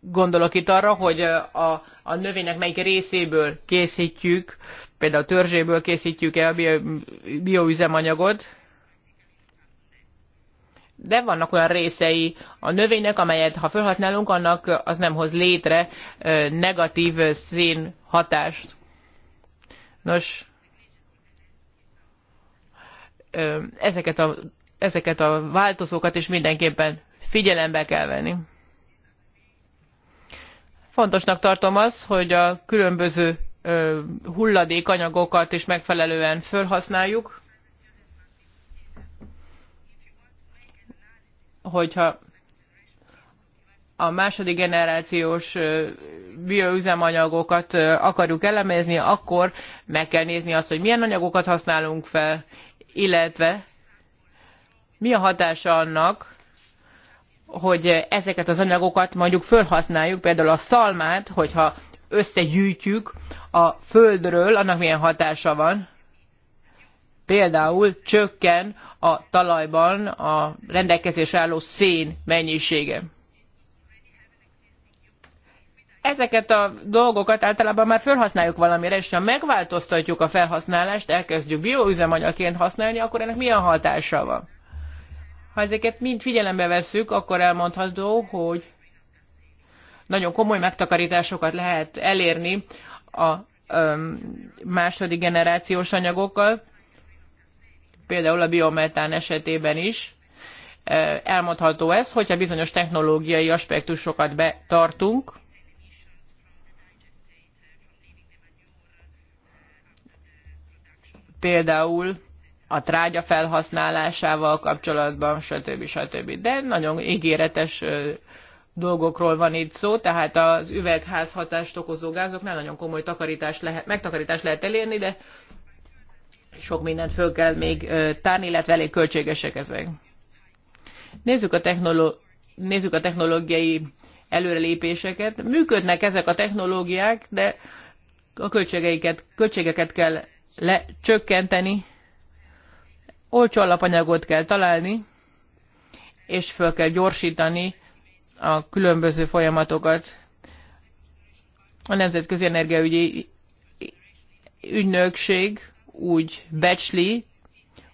Gondolok itt arra, hogy a, a növénynek melyik részéből készítjük, például törzséből készítjük el a bioüzemanyagot, de vannak olyan részei a növénynek, amelyet ha felhasználunk, annak az nem hoz létre negatív szén hatást. Nos, ezeket a, ezeket a változókat is mindenképpen figyelembe kell venni. Fontosnak tartom azt, hogy a különböző hulladékanyagokat is megfelelően felhasználjuk, hogyha a második generációs bioüzemanyagokat akarjuk elemezni, akkor meg kell nézni azt, hogy milyen anyagokat használunk fel, illetve mi a hatása annak, hogy ezeket az anyagokat mondjuk fölhasználjuk, például a szalmát, hogyha összegyűjtjük a földről, annak milyen hatása van. Például csökken a talajban a rendelkezés álló szén mennyisége. Ezeket a dolgokat általában már felhasználjuk valamire, és ha megváltoztatjuk a felhasználást, elkezdjük bioüzemanyagként használni, akkor ennek milyen hatása van? Ha ezeket mind figyelembe vesszük, akkor elmondható, hogy nagyon komoly megtakarításokat lehet elérni a második generációs anyagokkal, például a biometán esetében is. Elmondható ez, hogyha bizonyos technológiai aspektusokat betartunk, például a trágya felhasználásával kapcsolatban, stb. stb. De nagyon ígéretes dolgokról van itt szó, tehát az üvegházhatást okozó gázoknál nagyon komoly takarítás lehet, megtakarítást lehet elérni, de sok mindent föl kell még tárni, illetve elég költségesek ezek. Nézzük a, technoló- nézzük a technológiai előrelépéseket. Működnek ezek a technológiák, de a költségeket kell lecsökkenteni, olcsó alapanyagot kell találni, és fel kell gyorsítani a különböző folyamatokat. A Nemzetközi Energiaügyi Ügynökség úgy becsli,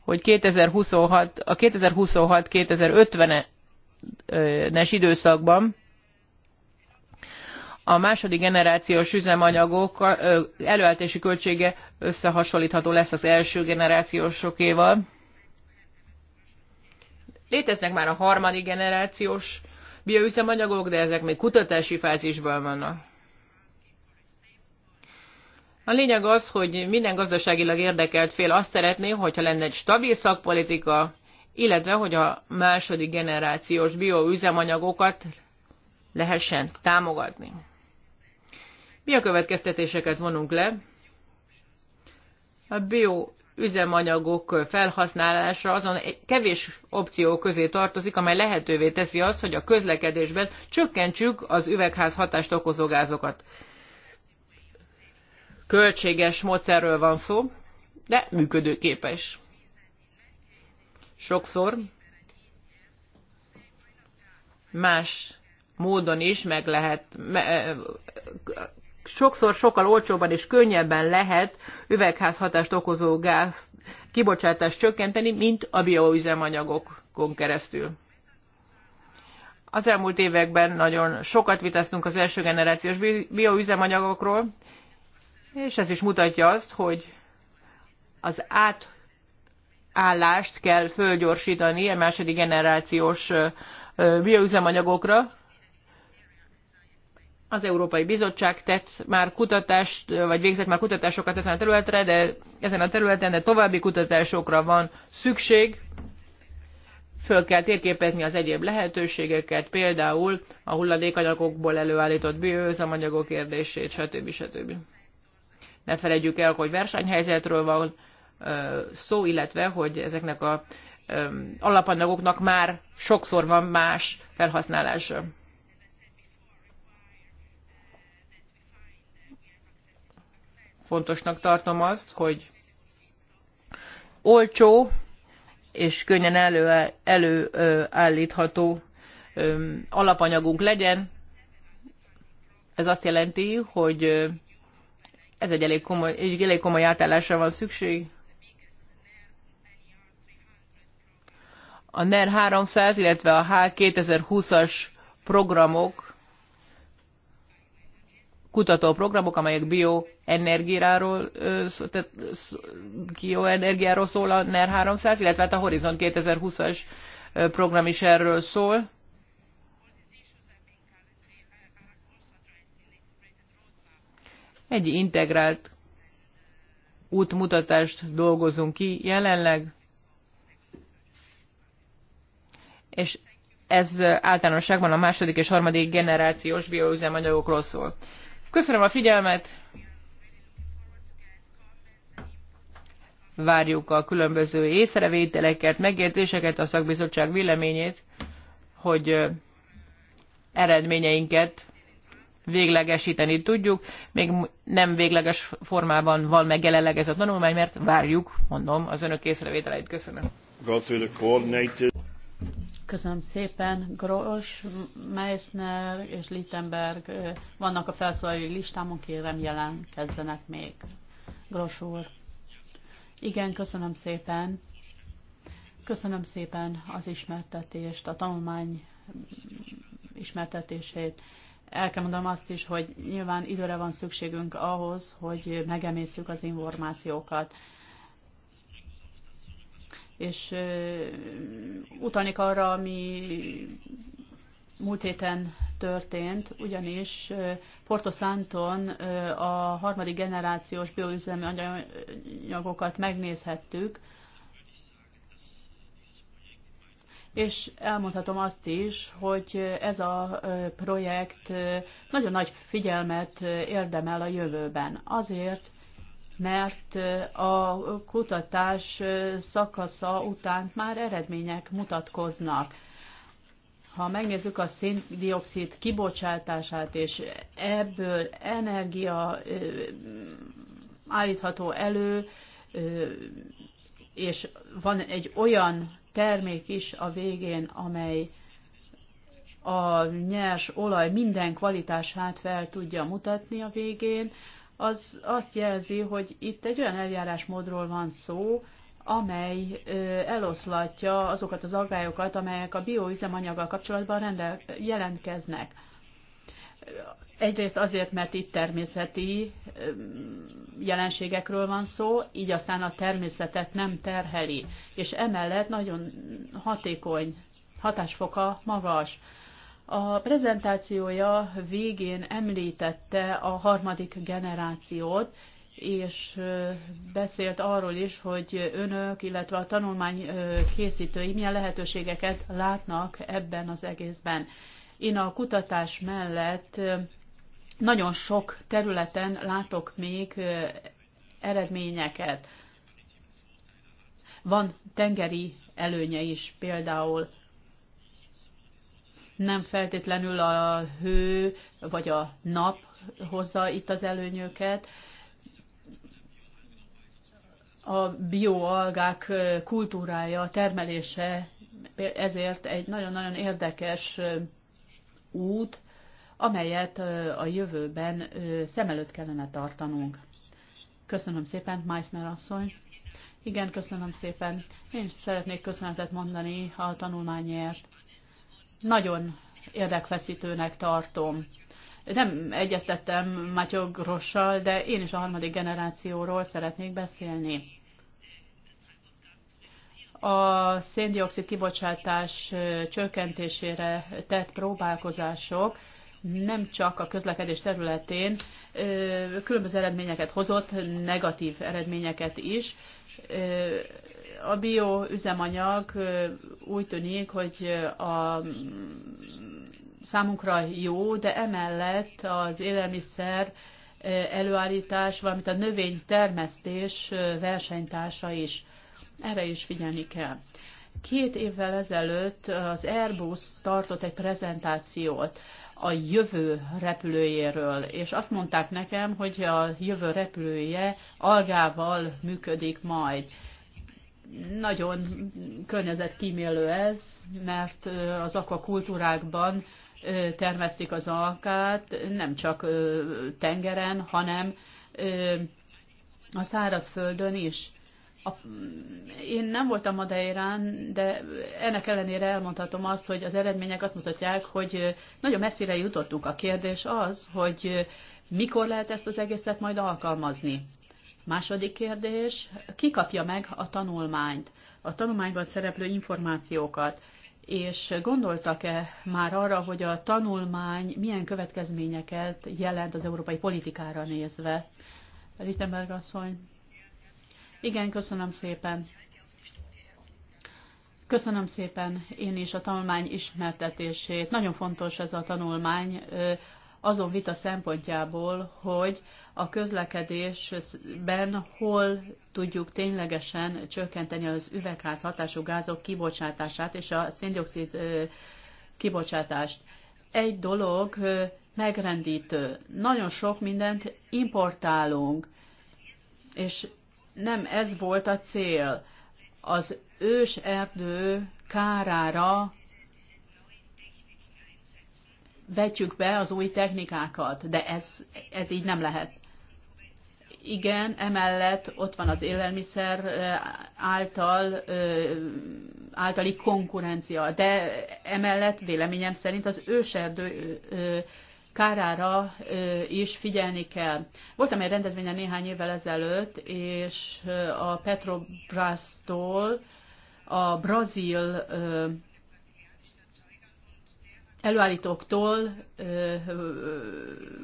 hogy 2026, a 2026-2050-es időszakban a második generációs üzemanyagok előállítási költsége összehasonlítható lesz az első generációsokéval. Léteznek már a harmadik generációs bioüzemanyagok, de ezek még kutatási fázisban vannak. A lényeg az, hogy minden gazdaságilag érdekelt fél azt szeretné, hogyha lenne egy stabil szakpolitika, illetve hogy a második generációs bioüzemanyagokat lehessen támogatni. Mi a következtetéseket vonunk le? A bio üzemanyagok felhasználása azon kevés opció közé tartozik, amely lehetővé teszi azt, hogy a közlekedésben csökkentsük az üvegház hatást okozó gázokat. Költséges módszerről van szó, de működőképes. Sokszor más módon is meg lehet, sokszor sokkal olcsóbban és könnyebben lehet üvegházhatást okozó gáz kibocsátást csökkenteni, mint a bioüzemanyagokon keresztül. Az elmúlt években nagyon sokat vitáztunk az első generációs bioüzemanyagokról, és ez is mutatja azt, hogy az átállást kell fölgyorsítani a második generációs bioüzemanyagokra, az Európai Bizottság tett már kutatást, vagy végzett már kutatásokat ezen a területre, de ezen a területen de további kutatásokra van szükség. Föl kell térképezni az egyéb lehetőségeket, például a hulladékanyagokból előállított bioüzemanyagok kérdését, stb. stb. Ne felejtjük el, hogy versenyhelyzetről van szó, illetve hogy ezeknek a alapanyagoknak már sokszor van más felhasználása. fontosnak tartom azt, hogy olcsó és könnyen elő, alapanyagunk legyen. Ez azt jelenti, hogy ez egy elég komoly, egy elég komoly átállásra van szükség. A NER 300, illetve a H 2020-as programok kutatóprogramok, amelyek bioenergiáról, bioenergiáról szól a NER 300, illetve hát a Horizon 2020-as program is erről szól. Egy integrált útmutatást dolgozunk ki jelenleg, és ez általánosságban a második és harmadik generációs bioüzemanyagokról szól. Köszönöm a figyelmet! Várjuk a különböző észrevételeket, megértéseket, a szakbizottság véleményét, hogy eredményeinket véglegesíteni tudjuk. Még nem végleges formában van meg jelenleg ez a tanulmány, mert várjuk, mondom, az önök észrevételeit. Köszönöm. Köszönöm szépen. Gros, Meissner és Littenberg vannak a felszólalói listámon, kérem jelentkezzenek még. Gros úr. Igen, köszönöm szépen. Köszönöm szépen az ismertetést, a tanulmány ismertetését. El kell mondanom azt is, hogy nyilván időre van szükségünk ahhoz, hogy megemészjük az információkat és utalnék arra, ami múlt héten történt, ugyanis Porto Santon a harmadik generációs bioüzemi anyagokat megnézhettük, és elmondhatom azt is, hogy ez a projekt nagyon nagy figyelmet érdemel a jövőben. Azért, mert a kutatás szakasza után már eredmények mutatkoznak. Ha megnézzük a széndiokszid kibocsátását, és ebből energia állítható elő, és van egy olyan termék is a végén, amely a nyers olaj minden kvalitását fel tudja mutatni a végén, az azt jelzi, hogy itt egy olyan eljárásmódról van szó, amely eloszlatja azokat az aggályokat, amelyek a bioüzemanyaggal kapcsolatban rendel, jelentkeznek. Egyrészt azért, mert itt természeti jelenségekről van szó, így aztán a természetet nem terheli, és emellett nagyon hatékony, hatásfoka magas. A prezentációja végén említette a harmadik generációt, és beszélt arról is, hogy önök, illetve a tanulmány készítői milyen lehetőségeket látnak ebben az egészben. Én a kutatás mellett nagyon sok területen látok még eredményeket. Van tengeri előnye is például nem feltétlenül a hő vagy a nap hozza itt az előnyöket. A bioalgák kultúrája, termelése ezért egy nagyon-nagyon érdekes út, amelyet a jövőben szem előtt kellene tartanunk. Köszönöm szépen, Meissner asszony. Igen, köszönöm szépen. Én is szeretnék köszönetet mondani a tanulmányért nagyon érdekfeszítőnek tartom. Nem egyeztettem Matyó Grossal, de én is a harmadik generációról szeretnék beszélni. A széndiokszid kibocsátás csökkentésére tett próbálkozások nem csak a közlekedés területén különböző eredményeket hozott, negatív eredményeket is a bioüzemanyag úgy tűnik, hogy a számunkra jó, de emellett az élelmiszer előállítás, valamint a növénytermesztés versenytársa is. Erre is figyelni kell. Két évvel ezelőtt az Airbus tartott egy prezentációt a jövő repülőjéről, és azt mondták nekem, hogy a jövő repülője algával működik majd nagyon környezetkímélő ez, mert az akvakultúrákban termesztik az alkát, nem csak tengeren, hanem a szárazföldön is. A, én nem voltam Madeirán, de ennek ellenére elmondhatom azt, hogy az eredmények azt mutatják, hogy nagyon messzire jutottunk. A kérdés az, hogy mikor lehet ezt az egészet majd alkalmazni. Második kérdés, ki kapja meg a tanulmányt, a tanulmányban szereplő információkat, és gondoltak-e már arra, hogy a tanulmány milyen következményeket jelent az európai politikára nézve? Rittenberg asszony. Igen, köszönöm szépen. Köszönöm szépen én is a tanulmány ismertetését. Nagyon fontos ez a tanulmány azon vita szempontjából, hogy a közlekedésben hol tudjuk ténylegesen csökkenteni az üvegház hatású gázok kibocsátását és a széndiokszid kibocsátást. Egy dolog megrendítő. Nagyon sok mindent importálunk, és nem ez volt a cél. Az ős erdő kárára vetjük be az új technikákat, de ez, ez így nem lehet. Igen, emellett ott van az élelmiszer által, általi konkurencia, de emellett véleményem szerint az őserdő kárára is figyelni kell. Voltam egy rendezvényen néhány évvel ezelőtt, és a Petrobras-tól a brazil előállítóktól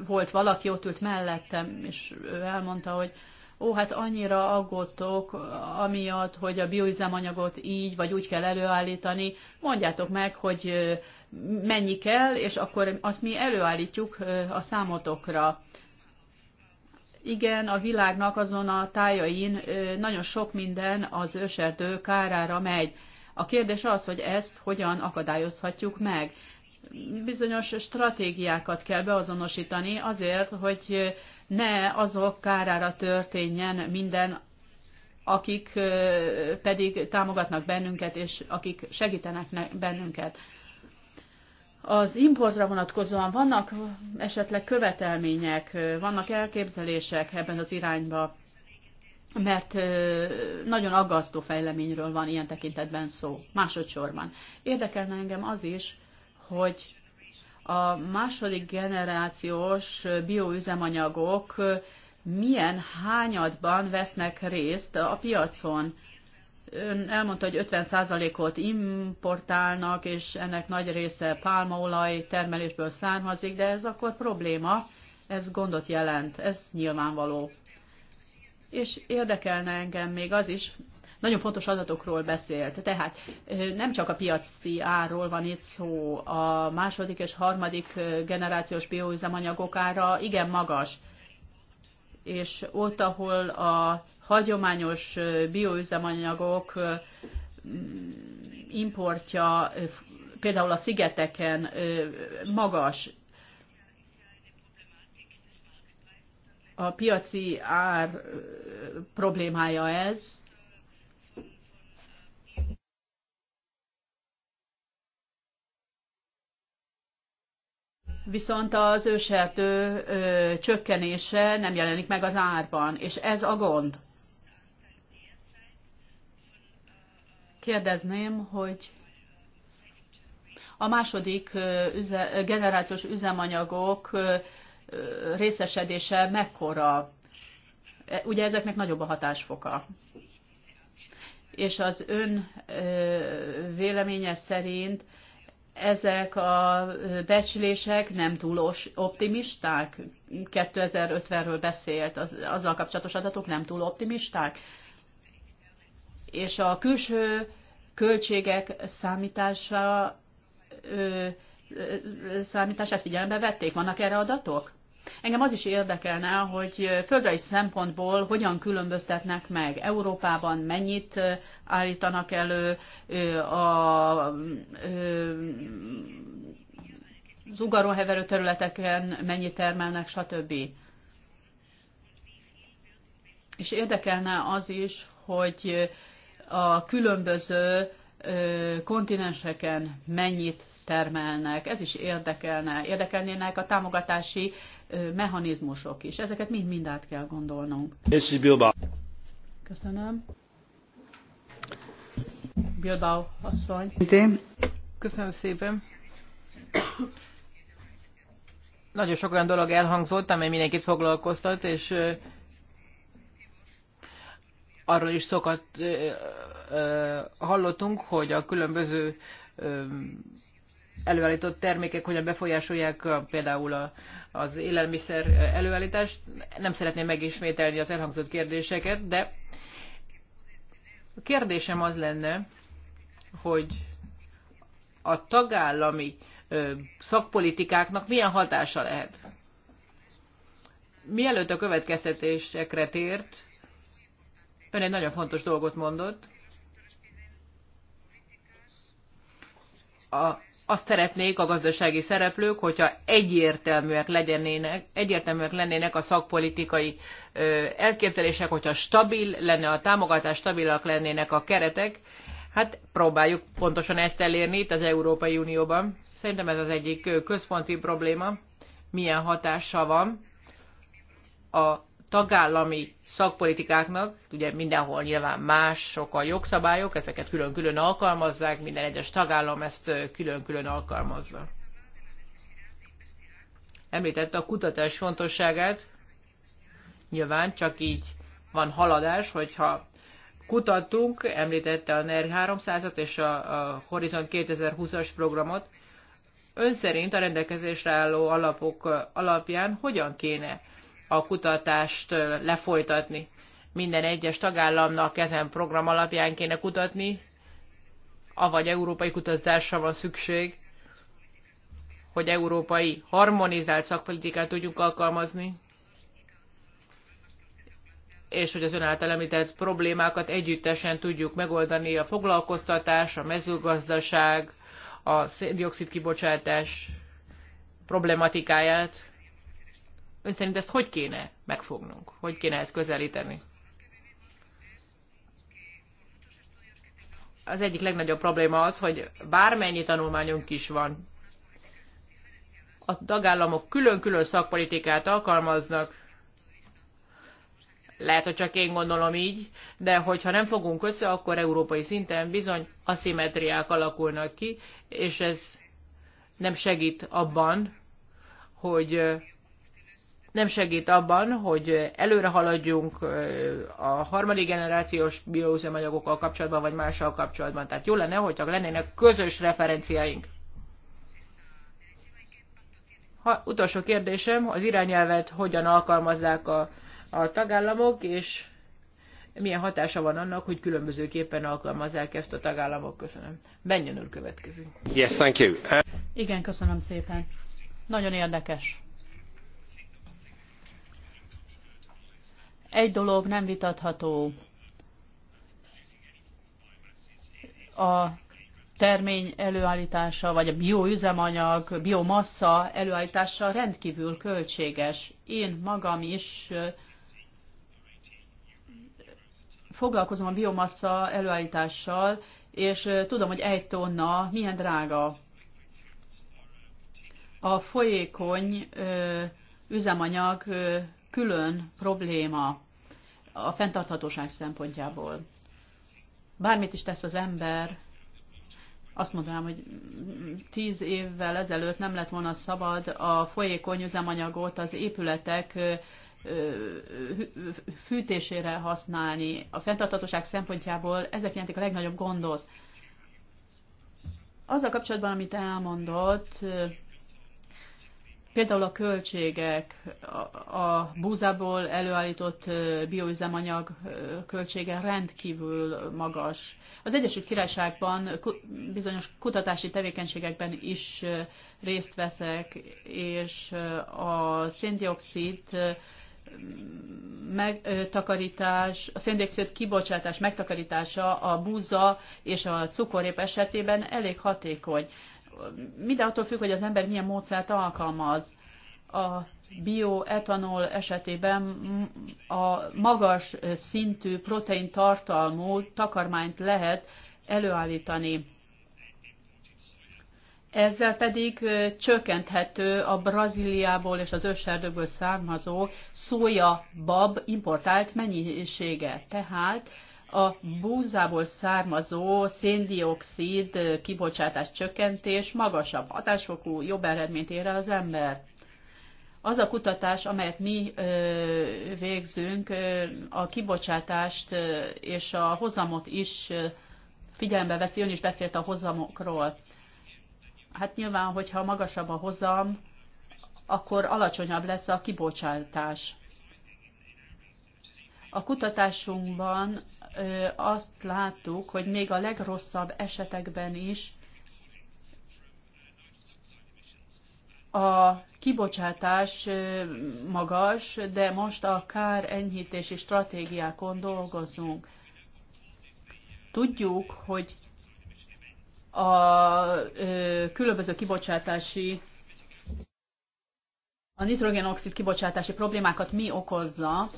volt valaki, ott ült mellettem, és ő elmondta, hogy ó, hát annyira aggódtok, amiatt, hogy a bioüzemanyagot így vagy úgy kell előállítani, mondjátok meg, hogy mennyi kell, és akkor azt mi előállítjuk a számotokra. Igen, a világnak azon a tájain nagyon sok minden az őserdő kárára megy. A kérdés az, hogy ezt hogyan akadályozhatjuk meg bizonyos stratégiákat kell beazonosítani azért, hogy ne azok kárára történjen minden, akik pedig támogatnak bennünket, és akik segítenek bennünket. Az importra vonatkozóan vannak esetleg követelmények, vannak elképzelések ebben az irányba, mert nagyon aggasztó fejleményről van ilyen tekintetben szó, másodszorban. Érdekelne engem az is, hogy a második generációs bioüzemanyagok milyen hányadban vesznek részt a piacon. Ön elmondta, hogy 50%-ot importálnak, és ennek nagy része pálmaolaj termelésből származik, de ez akkor probléma, ez gondot jelent, ez nyilvánvaló. És érdekelne engem még az is, nagyon fontos adatokról beszélt. Tehát nem csak a piaci árról van itt szó, a második és harmadik generációs bioüzemanyagok ára igen magas. És ott, ahol a hagyományos bioüzemanyagok importja például a szigeteken magas, a piaci ár problémája ez, viszont az ősertő ö, csökkenése nem jelenik meg az árban, és ez a gond. Kérdezném, hogy a második üze, generációs üzemanyagok részesedése mekkora? E, ugye ezeknek nagyobb a hatásfoka. És az ön véleménye szerint ezek a becslések nem túl optimisták? 2050-ről beszélt, az, azzal kapcsolatos adatok nem túl optimisták? És a külső költségek számítása, ö, számítását figyelembe vették? Vannak erre adatok? Engem az is érdekelne, hogy földrajzi szempontból hogyan különböztetnek meg Európában, mennyit állítanak elő a zugaron heverő területeken, mennyit termelnek, stb. És érdekelne az is, hogy a különböző kontinenseken mennyit termelnek, ez is érdekelne, érdekelnének a támogatási mechanizmusok is. Ezeket mind-mind át kell gondolnunk. Köszönöm. Bilbao asszony. Köszönöm szépen. Nagyon sok olyan dolog elhangzott, amely mindenkit foglalkoztat, és arról is szokat hallottunk, hogy a különböző előállított termékek hogyan befolyásolják például az élelmiszer előállítást. Nem szeretném megismételni az elhangzott kérdéseket, de a kérdésem az lenne, hogy a tagállami szakpolitikáknak milyen hatása lehet. Mielőtt a következtetésekre tért, ön egy nagyon fontos dolgot mondott. A azt szeretnék a gazdasági szereplők, hogyha egyértelműek, legyenének, egyértelműek lennének a szakpolitikai elképzelések, hogyha stabil lenne a támogatás, stabilak lennének a keretek. Hát próbáljuk pontosan ezt elérni itt az Európai Unióban. Szerintem ez az egyik központi probléma, milyen hatása van a tagállami szakpolitikáknak, ugye mindenhol nyilván mások a jogszabályok, ezeket külön-külön alkalmazzák, minden egyes tagállam ezt külön-külön alkalmazza. Említette a kutatás fontosságát, nyilván csak így van haladás, hogyha kutattunk, említette a NER 300-at és a, Horizon 2020-as programot, ön szerint a rendelkezésre álló alapok alapján hogyan kéne a kutatást lefolytatni. Minden egyes tagállamnak ezen program alapján kéne kutatni, avagy európai kutatásra van szükség, hogy európai harmonizált szakpolitikát tudjunk alkalmazni, és hogy az ön által említett problémákat együttesen tudjuk megoldani a foglalkoztatás, a mezőgazdaság, a széndiokszid kibocsátás problematikáját. Ön szerint ezt hogy kéne megfognunk? Hogy kéne ezt közelíteni? Az egyik legnagyobb probléma az, hogy bármennyi tanulmányunk is van, a tagállamok külön-külön szakpolitikát alkalmaznak. Lehet, hogy csak én gondolom így, de hogyha nem fogunk össze, akkor európai szinten bizony aszimetriák alakulnak ki, és ez nem segít abban, hogy nem segít abban, hogy előre haladjunk a harmadik generációs bioüzemanyagokkal kapcsolatban, vagy mással kapcsolatban. Tehát jó lenne, hogyha lennének közös referenciáink. Ha, utolsó kérdésem, az irányelvet hogyan alkalmazzák a, a tagállamok, és milyen hatása van annak, hogy különbözőképpen alkalmazzák ezt a tagállamok? Köszönöm. Benjön úr következik. Yes, thank you. Uh... Igen, köszönöm szépen. Nagyon érdekes Egy dolog nem vitatható. A termény előállítása, vagy a bioüzemanyag, biomassa előállítása rendkívül költséges. Én magam is foglalkozom a biomassa előállítással, és tudom, hogy egy tonna milyen drága. A folyékony üzemanyag külön probléma a fenntarthatóság szempontjából. Bármit is tesz az ember, azt mondanám, hogy tíz évvel ezelőtt nem lett volna szabad a folyékony üzemanyagot az épületek fűtésére használni. A fenntarthatóság szempontjából ezek jelentik a legnagyobb gondot. Azzal kapcsolatban, amit elmondott, Például a költségek, a búzából előállított bioüzemanyag költsége rendkívül magas. Az Egyesült Királyságban bizonyos kutatási tevékenységekben is részt veszek, és a széndiokszid megtakarítás, a széndiokszid kibocsátás megtakarítása a búza és a cukorép esetében elég hatékony minden attól függ, hogy az ember milyen módszert alkalmaz. A bioetanol esetében a magas szintű protein tartalmú takarmányt lehet előállítani. Ezzel pedig csökkenthető a Brazíliából és az őserdőből származó szója bab importált mennyisége. Tehát a búzából származó széndiokszid kibocsátás csökkentés magasabb hatásfokú, jobb eredményt ér el az ember. Az a kutatás, amelyet mi ö, végzünk, ö, a kibocsátást ö, és a hozamot is ö, figyelembe veszi, ön is beszélt a hozamokról. Hát nyilván, hogyha magasabb a hozam, akkor alacsonyabb lesz a kibocsátás. A kutatásunkban azt láttuk, hogy még a legrosszabb esetekben is a kibocsátás magas, de most a kár enyhítési stratégiákon dolgozunk. Tudjuk, hogy a különböző kibocsátási a nitrogénoxid kibocsátási problémákat mi okozza,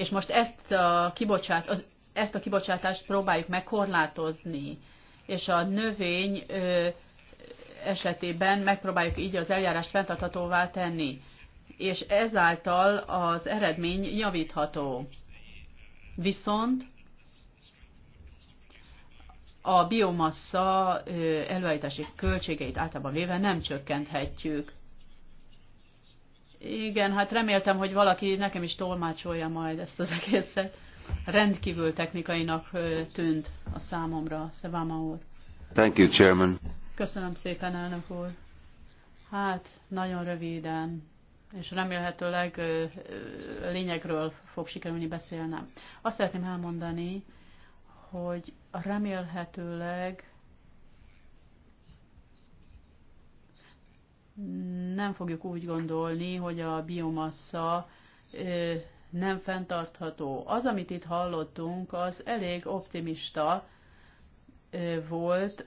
és most ezt a, kibocsát, az, ezt a kibocsátást próbáljuk megkorlátozni, és a növény ö, esetében megpróbáljuk így az eljárást fenntarthatóvá tenni, és ezáltal az eredmény javítható. Viszont a biomassa előállítási költségeit általában véve nem csökkenthetjük. Igen, hát reméltem, hogy valaki nekem is tolmácsolja majd ezt az egészet. Rendkívül technikainak tűnt a számomra, Szevama úr. Thank you, Chairman. Köszönöm szépen, elnök úr. Hát, nagyon röviden, és remélhetőleg lényegről fog sikerülni beszélnem. Azt szeretném elmondani, hogy remélhetőleg nem fogjuk úgy gondolni, hogy a biomassa nem fenntartható. Az, amit itt hallottunk, az elég optimista volt.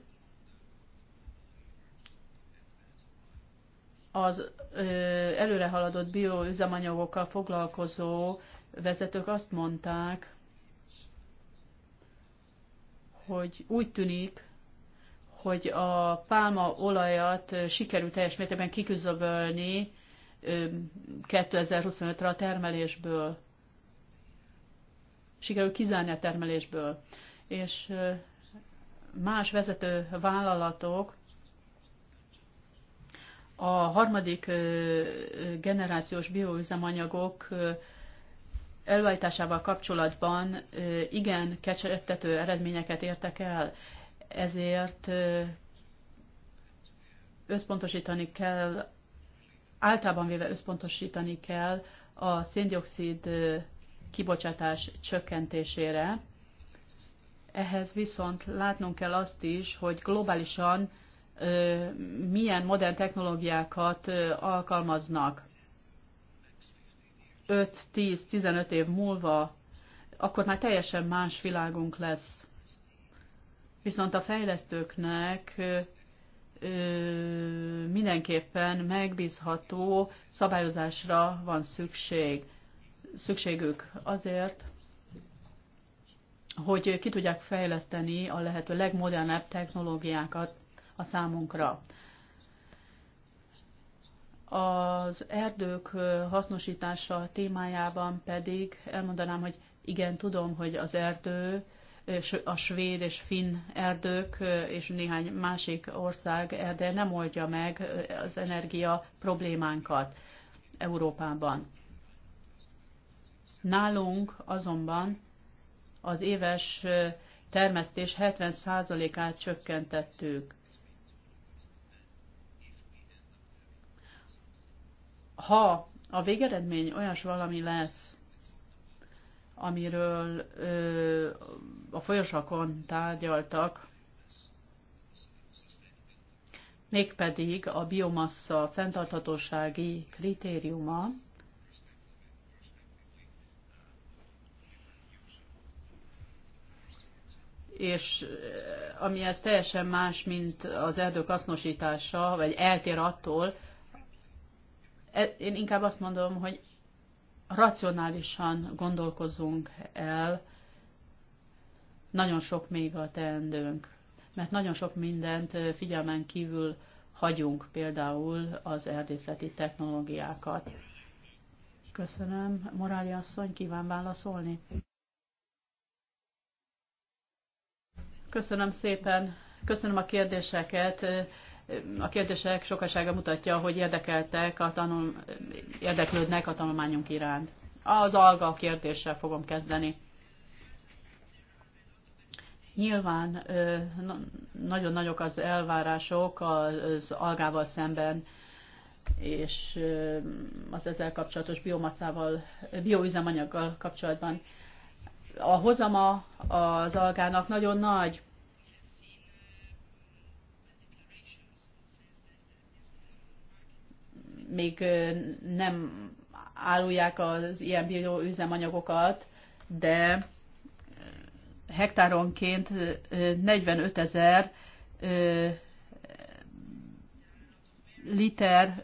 Az előrehaladott bioüzemanyagokkal foglalkozó vezetők azt mondták, hogy úgy tűnik, hogy a olajat sikerült teljes mértékben kiküzöbölni 2025-re a termelésből. Sikerült kizárni a termelésből. És más vezető vállalatok a harmadik generációs bioüzemanyagok előállításával kapcsolatban igen kecsettető eredményeket értek el ezért összpontosítani kell, általában véve összpontosítani kell a széndiokszid kibocsátás csökkentésére. Ehhez viszont látnunk kell azt is, hogy globálisan milyen modern technológiákat alkalmaznak. 5-10-15 év múlva, akkor már teljesen más világunk lesz. Viszont a fejlesztőknek mindenképpen megbízható szabályozásra van szükség, szükségük azért, hogy ki tudják fejleszteni a lehető legmodernebb technológiákat a számunkra. Az erdők hasznosítása témájában pedig elmondanám, hogy igen, tudom, hogy az erdő a svéd és finn erdők és néhány másik ország erde nem oldja meg az energia problémánkat Európában. Nálunk azonban az éves termesztés 70%-át csökkentettük. Ha a végeredmény olyas valami lesz, amiről ö, a folyosakon tárgyaltak, mégpedig a biomassa fenntarthatósági kritériuma, és ami ez teljesen más, mint az erdők hasznosítása, vagy eltér attól, e, én inkább azt mondom, hogy racionálisan gondolkozunk el, nagyon sok még a teendőnk, mert nagyon sok mindent figyelmen kívül hagyunk, például az erdészeti technológiákat. Köszönöm. Moráli asszony, kíván válaszolni? Köszönöm szépen. Köszönöm a kérdéseket a kérdések sokasága mutatja, hogy érdekeltek a tanul, érdeklődnek a tanulmányunk iránt. Az alga kérdéssel fogom kezdeni. Nyilván nagyon nagyok az elvárások az algával szemben, és az ezzel kapcsolatos biomaszával, bioüzemanyaggal kapcsolatban. A hozama az algának nagyon nagy, még nem árulják az ilyen bioüzemanyagokat, de hektáronként 45 ezer liter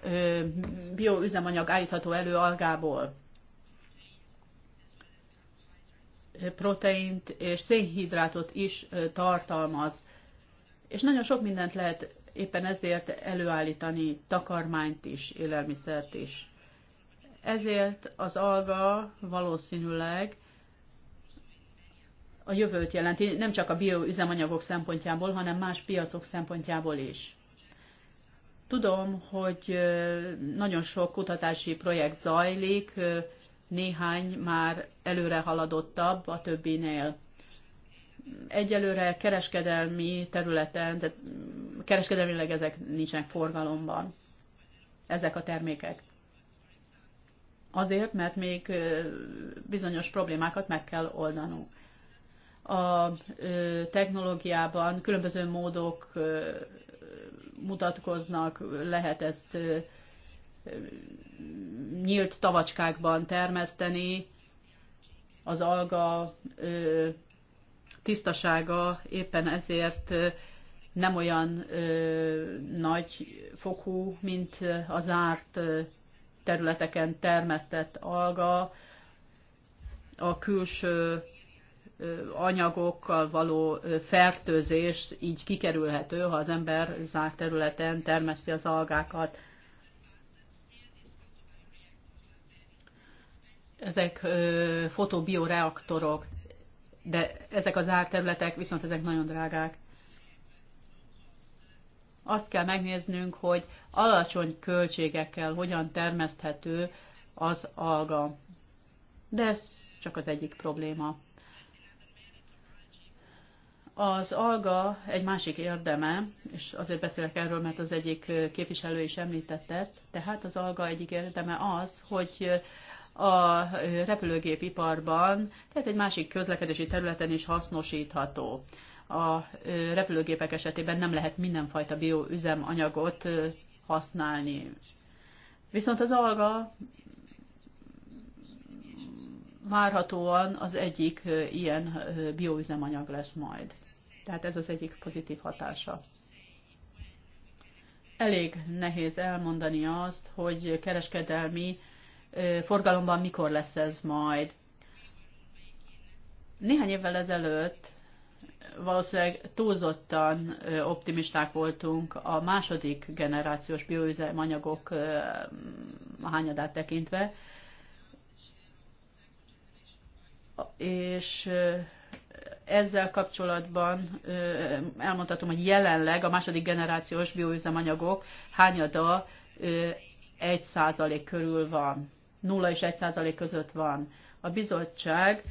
bioüzemanyag állítható elő algából. Proteint és szénhidrátot is tartalmaz. És nagyon sok mindent lehet éppen ezért előállítani takarmányt is, élelmiszert is. Ezért az alga valószínűleg a jövőt jelenti, nem csak a bioüzemanyagok szempontjából, hanem más piacok szempontjából is. Tudom, hogy nagyon sok kutatási projekt zajlik, néhány már előre haladottabb a többinél. Egyelőre kereskedelmi területen, tehát kereskedelmileg ezek nincsenek forgalomban, ezek a termékek. Azért, mert még bizonyos problémákat meg kell oldanunk. A technológiában különböző módok mutatkoznak, lehet ezt nyílt tavacskákban termeszteni, az alga tisztasága éppen ezért nem olyan ö, nagy fokú, mint az árt területeken termesztett alga, a külső anyagokkal való fertőzés így kikerülhető, ha az ember zárt területen termeszti az algákat. Ezek fotobioreaktorok, de ezek az árterületek viszont ezek nagyon drágák azt kell megnéznünk, hogy alacsony költségekkel hogyan termeszthető az alga. De ez csak az egyik probléma. Az alga egy másik érdeme, és azért beszélek erről, mert az egyik képviselő is említette ezt, tehát az alga egyik érdeme az, hogy a repülőgépiparban, tehát egy másik közlekedési területen is hasznosítható a repülőgépek esetében nem lehet mindenfajta bioüzemanyagot használni. Viszont az alga várhatóan az egyik ilyen bioüzemanyag lesz majd. Tehát ez az egyik pozitív hatása. Elég nehéz elmondani azt, hogy kereskedelmi forgalomban mikor lesz ez majd. Néhány évvel ezelőtt valószínűleg túlzottan optimisták voltunk a második generációs bioüzemanyagok hányadát tekintve, és ezzel kapcsolatban elmondhatom, hogy jelenleg a második generációs bioüzemanyagok hányada 1% körül van, 0 és 1% között van. A bizottság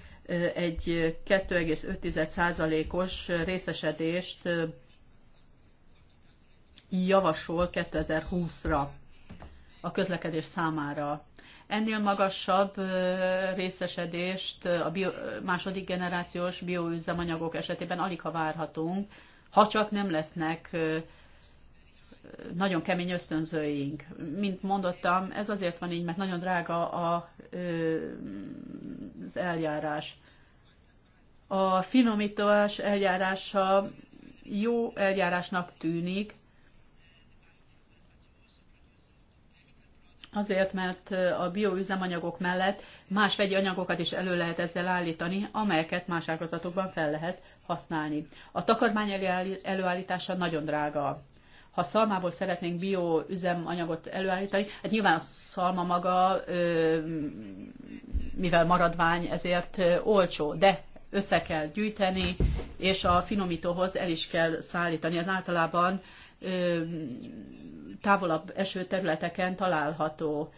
egy 2,5%-os részesedést javasol 2020-ra a közlekedés számára. Ennél magasabb részesedést a bio, második generációs bioüzemanyagok esetében alig ha várhatunk, ha csak nem lesznek nagyon kemény ösztönzőink. Mint mondottam, ez azért van így, mert nagyon drága a, az eljárás. A finomítás eljárása jó eljárásnak tűnik, azért, mert a bioüzemanyagok mellett más vegyi anyagokat is elő lehet ezzel állítani, amelyeket más ágazatokban fel lehet használni. A takarmány előállítása nagyon drága ha szalmából szeretnénk bio üzemanyagot előállítani, hát nyilván a szalma maga, mivel maradvány, ezért olcsó, de össze kell gyűjteni, és a finomítóhoz el is kell szállítani. Ez általában távolabb eső területeken található.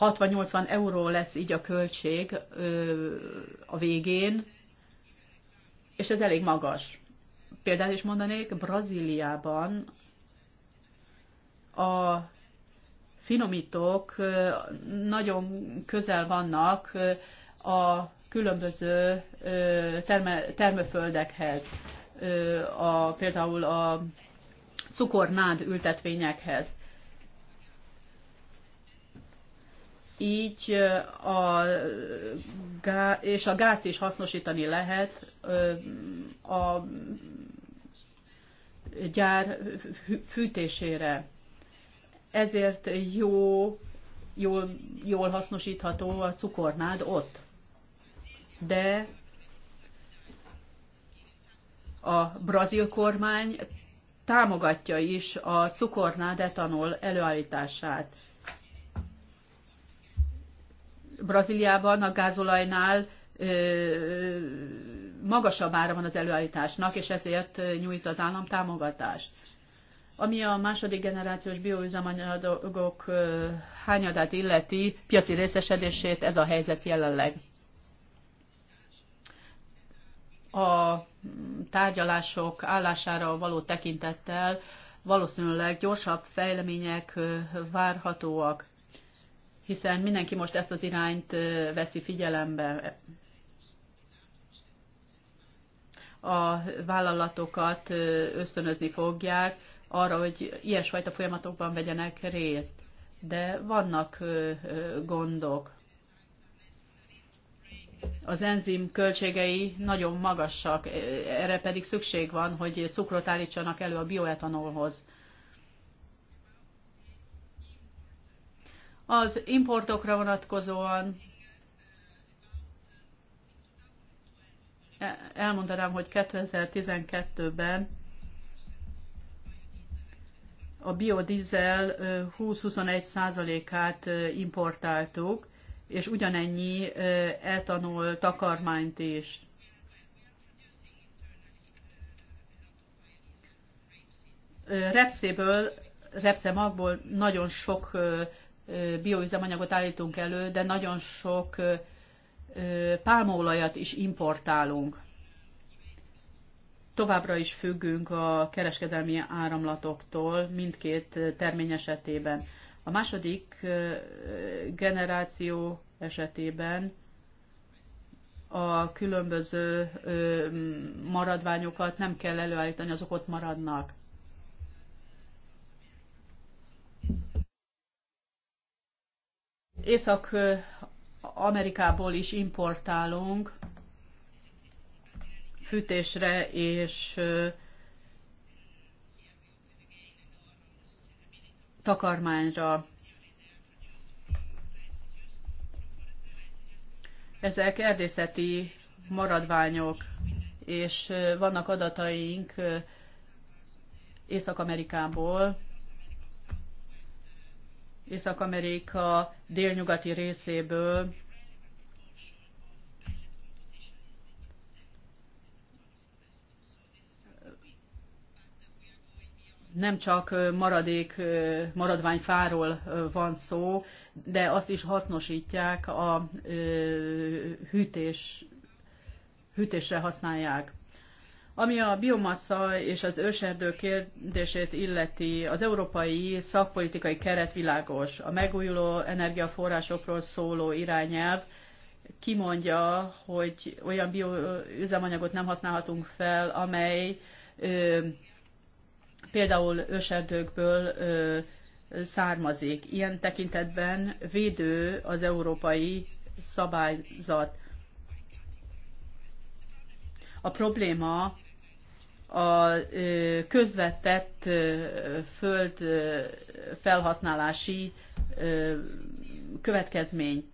60-80 euró lesz így a költség a végén, és ez elég magas. Például is mondanék, Brazíliában a finomítók nagyon közel vannak a különböző termőföldekhez, a, például a cukornád ültetvényekhez. Így a, és a gázt is hasznosítani lehet a gyár fűtésére ezért jó, jól, jól hasznosítható a cukornád ott. De a brazil kormány támogatja is a cukornád etanol előállítását. Brazíliában a gázolajnál magasabb ára van az előállításnak, és ezért nyújt az állam támogatást. Ami a második generációs bioüzemanyagok hányadát illeti, piaci részesedését, ez a helyzet jelenleg. A tárgyalások állására való tekintettel valószínűleg gyorsabb fejlemények várhatóak, hiszen mindenki most ezt az irányt veszi figyelembe. A vállalatokat ösztönözni fogják, arra, hogy ilyesfajta folyamatokban vegyenek részt. De vannak gondok. Az enzim költségei nagyon magasak, erre pedig szükség van, hogy cukrot állítsanak elő a bioetanolhoz. Az importokra vonatkozóan e- elmondanám, hogy 2012-ben a biodizel 20-21 százalékát importáltuk, és ugyanennyi etanol takarmányt is. Repcéből, repcemagból nagyon sok bioüzemanyagot állítunk elő, de nagyon sok pálmaolajat is importálunk. Továbbra is függünk a kereskedelmi áramlatoktól mindkét termény esetében. A második generáció esetében a különböző maradványokat nem kell előállítani, azok ott maradnak. Észak-Amerikából is importálunk, fűtésre és takarmányra. Ezek erdészeti maradványok, és vannak adataink Észak-Amerikából, Észak-Amerika délnyugati részéből, nem csak maradék, maradványfáról van szó, de azt is hasznosítják, a hűtés, hűtésre használják. Ami a biomassa és az őserdő kérdését illeti, az európai szakpolitikai keret világos. A megújuló energiaforrásokról szóló irányelv kimondja, hogy olyan bioüzemanyagot nem használhatunk fel, amely például őserdőkből származik. Ilyen tekintetben védő az európai szabályzat. A probléma a közvetett föld felhasználási következmény.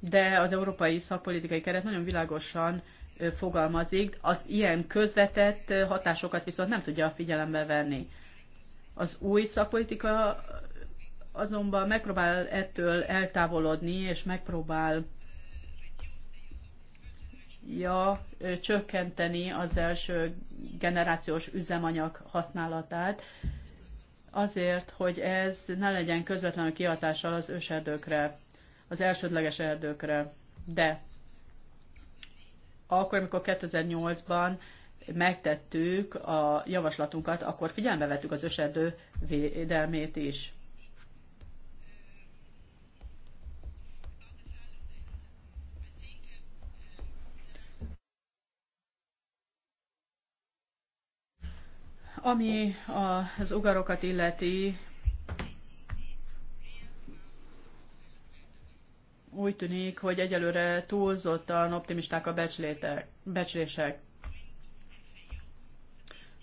De az európai szakpolitikai keret nagyon világosan fogalmazik, az ilyen közvetett hatásokat viszont nem tudja figyelembe venni. Az új szakpolitika azonban megpróbál ettől eltávolodni, és megpróbál ja, csökkenteni az első generációs üzemanyag használatát, azért, hogy ez ne legyen közvetlenül kihatással az őserdőkre, az elsődleges erdőkre. De akkor, amikor 2008-ban megtettük a javaslatunkat, akkor figyelembe vettük az ösedő védelmét is. Ami az ugarokat illeti, úgy tűnik, hogy egyelőre túlzottan optimisták a becslések.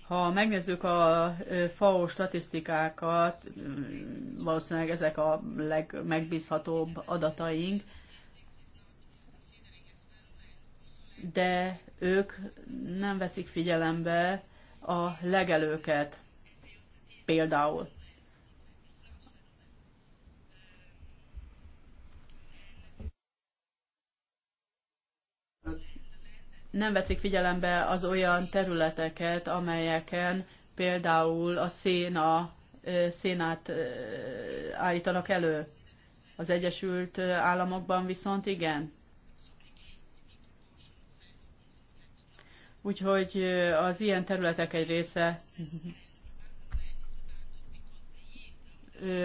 Ha megnézzük a FAO statisztikákat, valószínűleg ezek a legmegbízhatóbb adataink, de ők nem veszik figyelembe a legelőket például. nem veszik figyelembe az olyan területeket, amelyeken például a széna, szénát állítanak elő. Az Egyesült Államokban viszont igen. Úgyhogy az ilyen területek egy része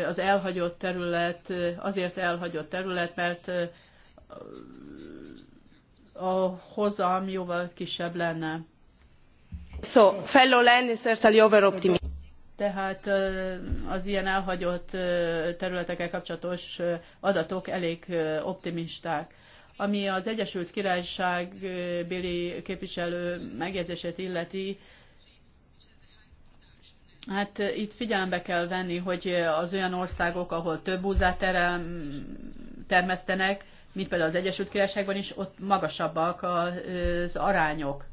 az elhagyott terület, azért elhagyott terület, mert a hozam jóval kisebb lenne. So, fellow land is certainly optimistic. Tehát az ilyen elhagyott területekkel kapcsolatos adatok elég optimisták. Ami az Egyesült Királyság Béli képviselő megjegyzését illeti, Hát itt figyelembe kell venni, hogy az olyan országok, ahol több búzát termesztenek, mint például az Egyesült Királyságban is, ott magasabbak az arányok.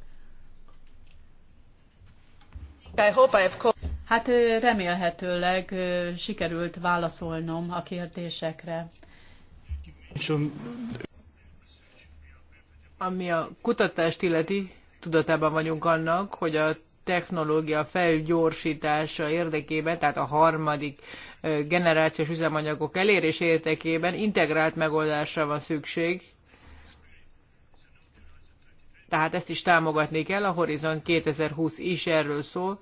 Hát remélhetőleg sikerült válaszolnom a kérdésekre. Ami a kutatást illeti, tudatában vagyunk annak, hogy a technológia felgyorsítása érdekében, tehát a harmadik generációs üzemanyagok elérés érdekében integrált megoldásra van szükség. Tehát ezt is támogatni kell, a Horizon 2020 is erről szól.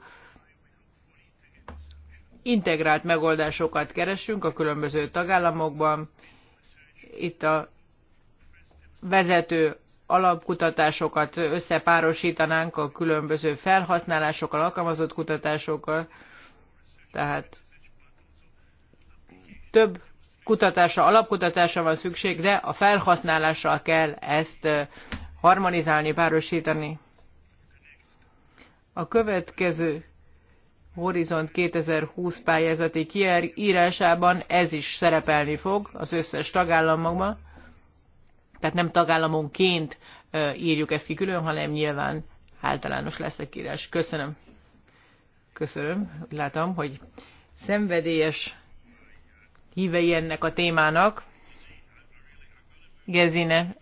Integrált megoldásokat keresünk a különböző tagállamokban. Itt a vezető alapkutatásokat összepárosítanánk a különböző felhasználásokkal, alkalmazott kutatásokkal, tehát több kutatásra, alapkutatásra van szükség, de a felhasználással kell ezt harmonizálni, párosítani. A következő Horizont 2020 pályázati kiírásában ez is szerepelni fog az összes tagállamokban. Tehát nem tagállamonként írjuk ezt ki külön, hanem nyilván általános lesz a kírás. Köszönöm. Köszönöm. Látom, hogy szenvedélyes hívei ennek a témának. Gezine,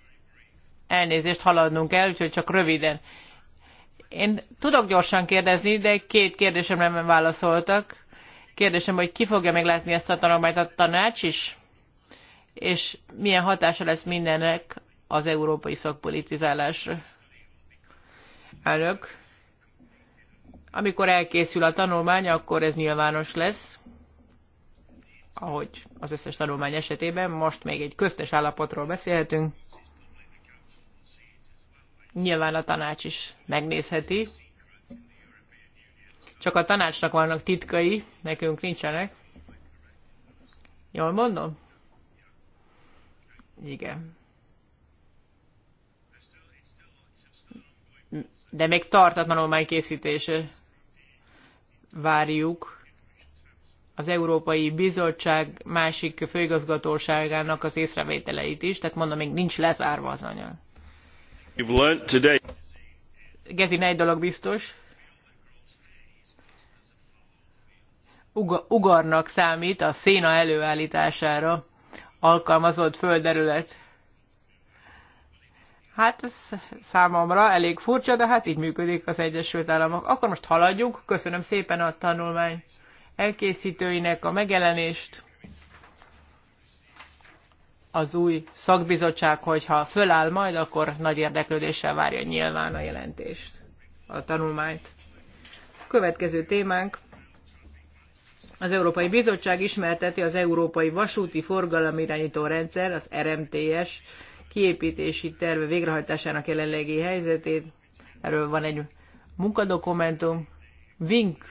elnézést haladnunk el, úgyhogy csak röviden. Én tudok gyorsan kérdezni, de két kérdésemre nem válaszoltak. Kérdésem, hogy ki fogja meglátni ezt a tanulmányt, a tanács is? és milyen hatása lesz mindennek az európai szakpolitizálásra. Elnök, amikor elkészül a tanulmány, akkor ez nyilvános lesz, ahogy az összes tanulmány esetében. Most még egy köztes állapotról beszélhetünk. Nyilván a tanács is megnézheti. Csak a tanácsnak vannak titkai, nekünk nincsenek. Jól mondom? Igen. De még tartatlanul a készítése. Várjuk az Európai Bizottság másik főigazgatóságának az észrevételeit is, tehát mondom, még nincs lezárva az anyag. Gezi, egy dolog biztos. Uga, ugarnak számít a széna előállítására alkalmazott földerület. Hát ez számomra elég furcsa, de hát így működik az Egyesült Államok. Akkor most haladjunk. Köszönöm szépen a tanulmány elkészítőinek a megjelenést. Az új szakbizottság, hogyha föláll majd, akkor nagy érdeklődéssel várja nyilván a jelentést, a tanulmányt. Következő témánk az Európai Bizottság ismerteti az Európai Vasúti Forgalomirányító Rendszer, az RMTS kiépítési terve végrehajtásának jelenlegi helyzetét. Erről van egy munkadokumentum. Vink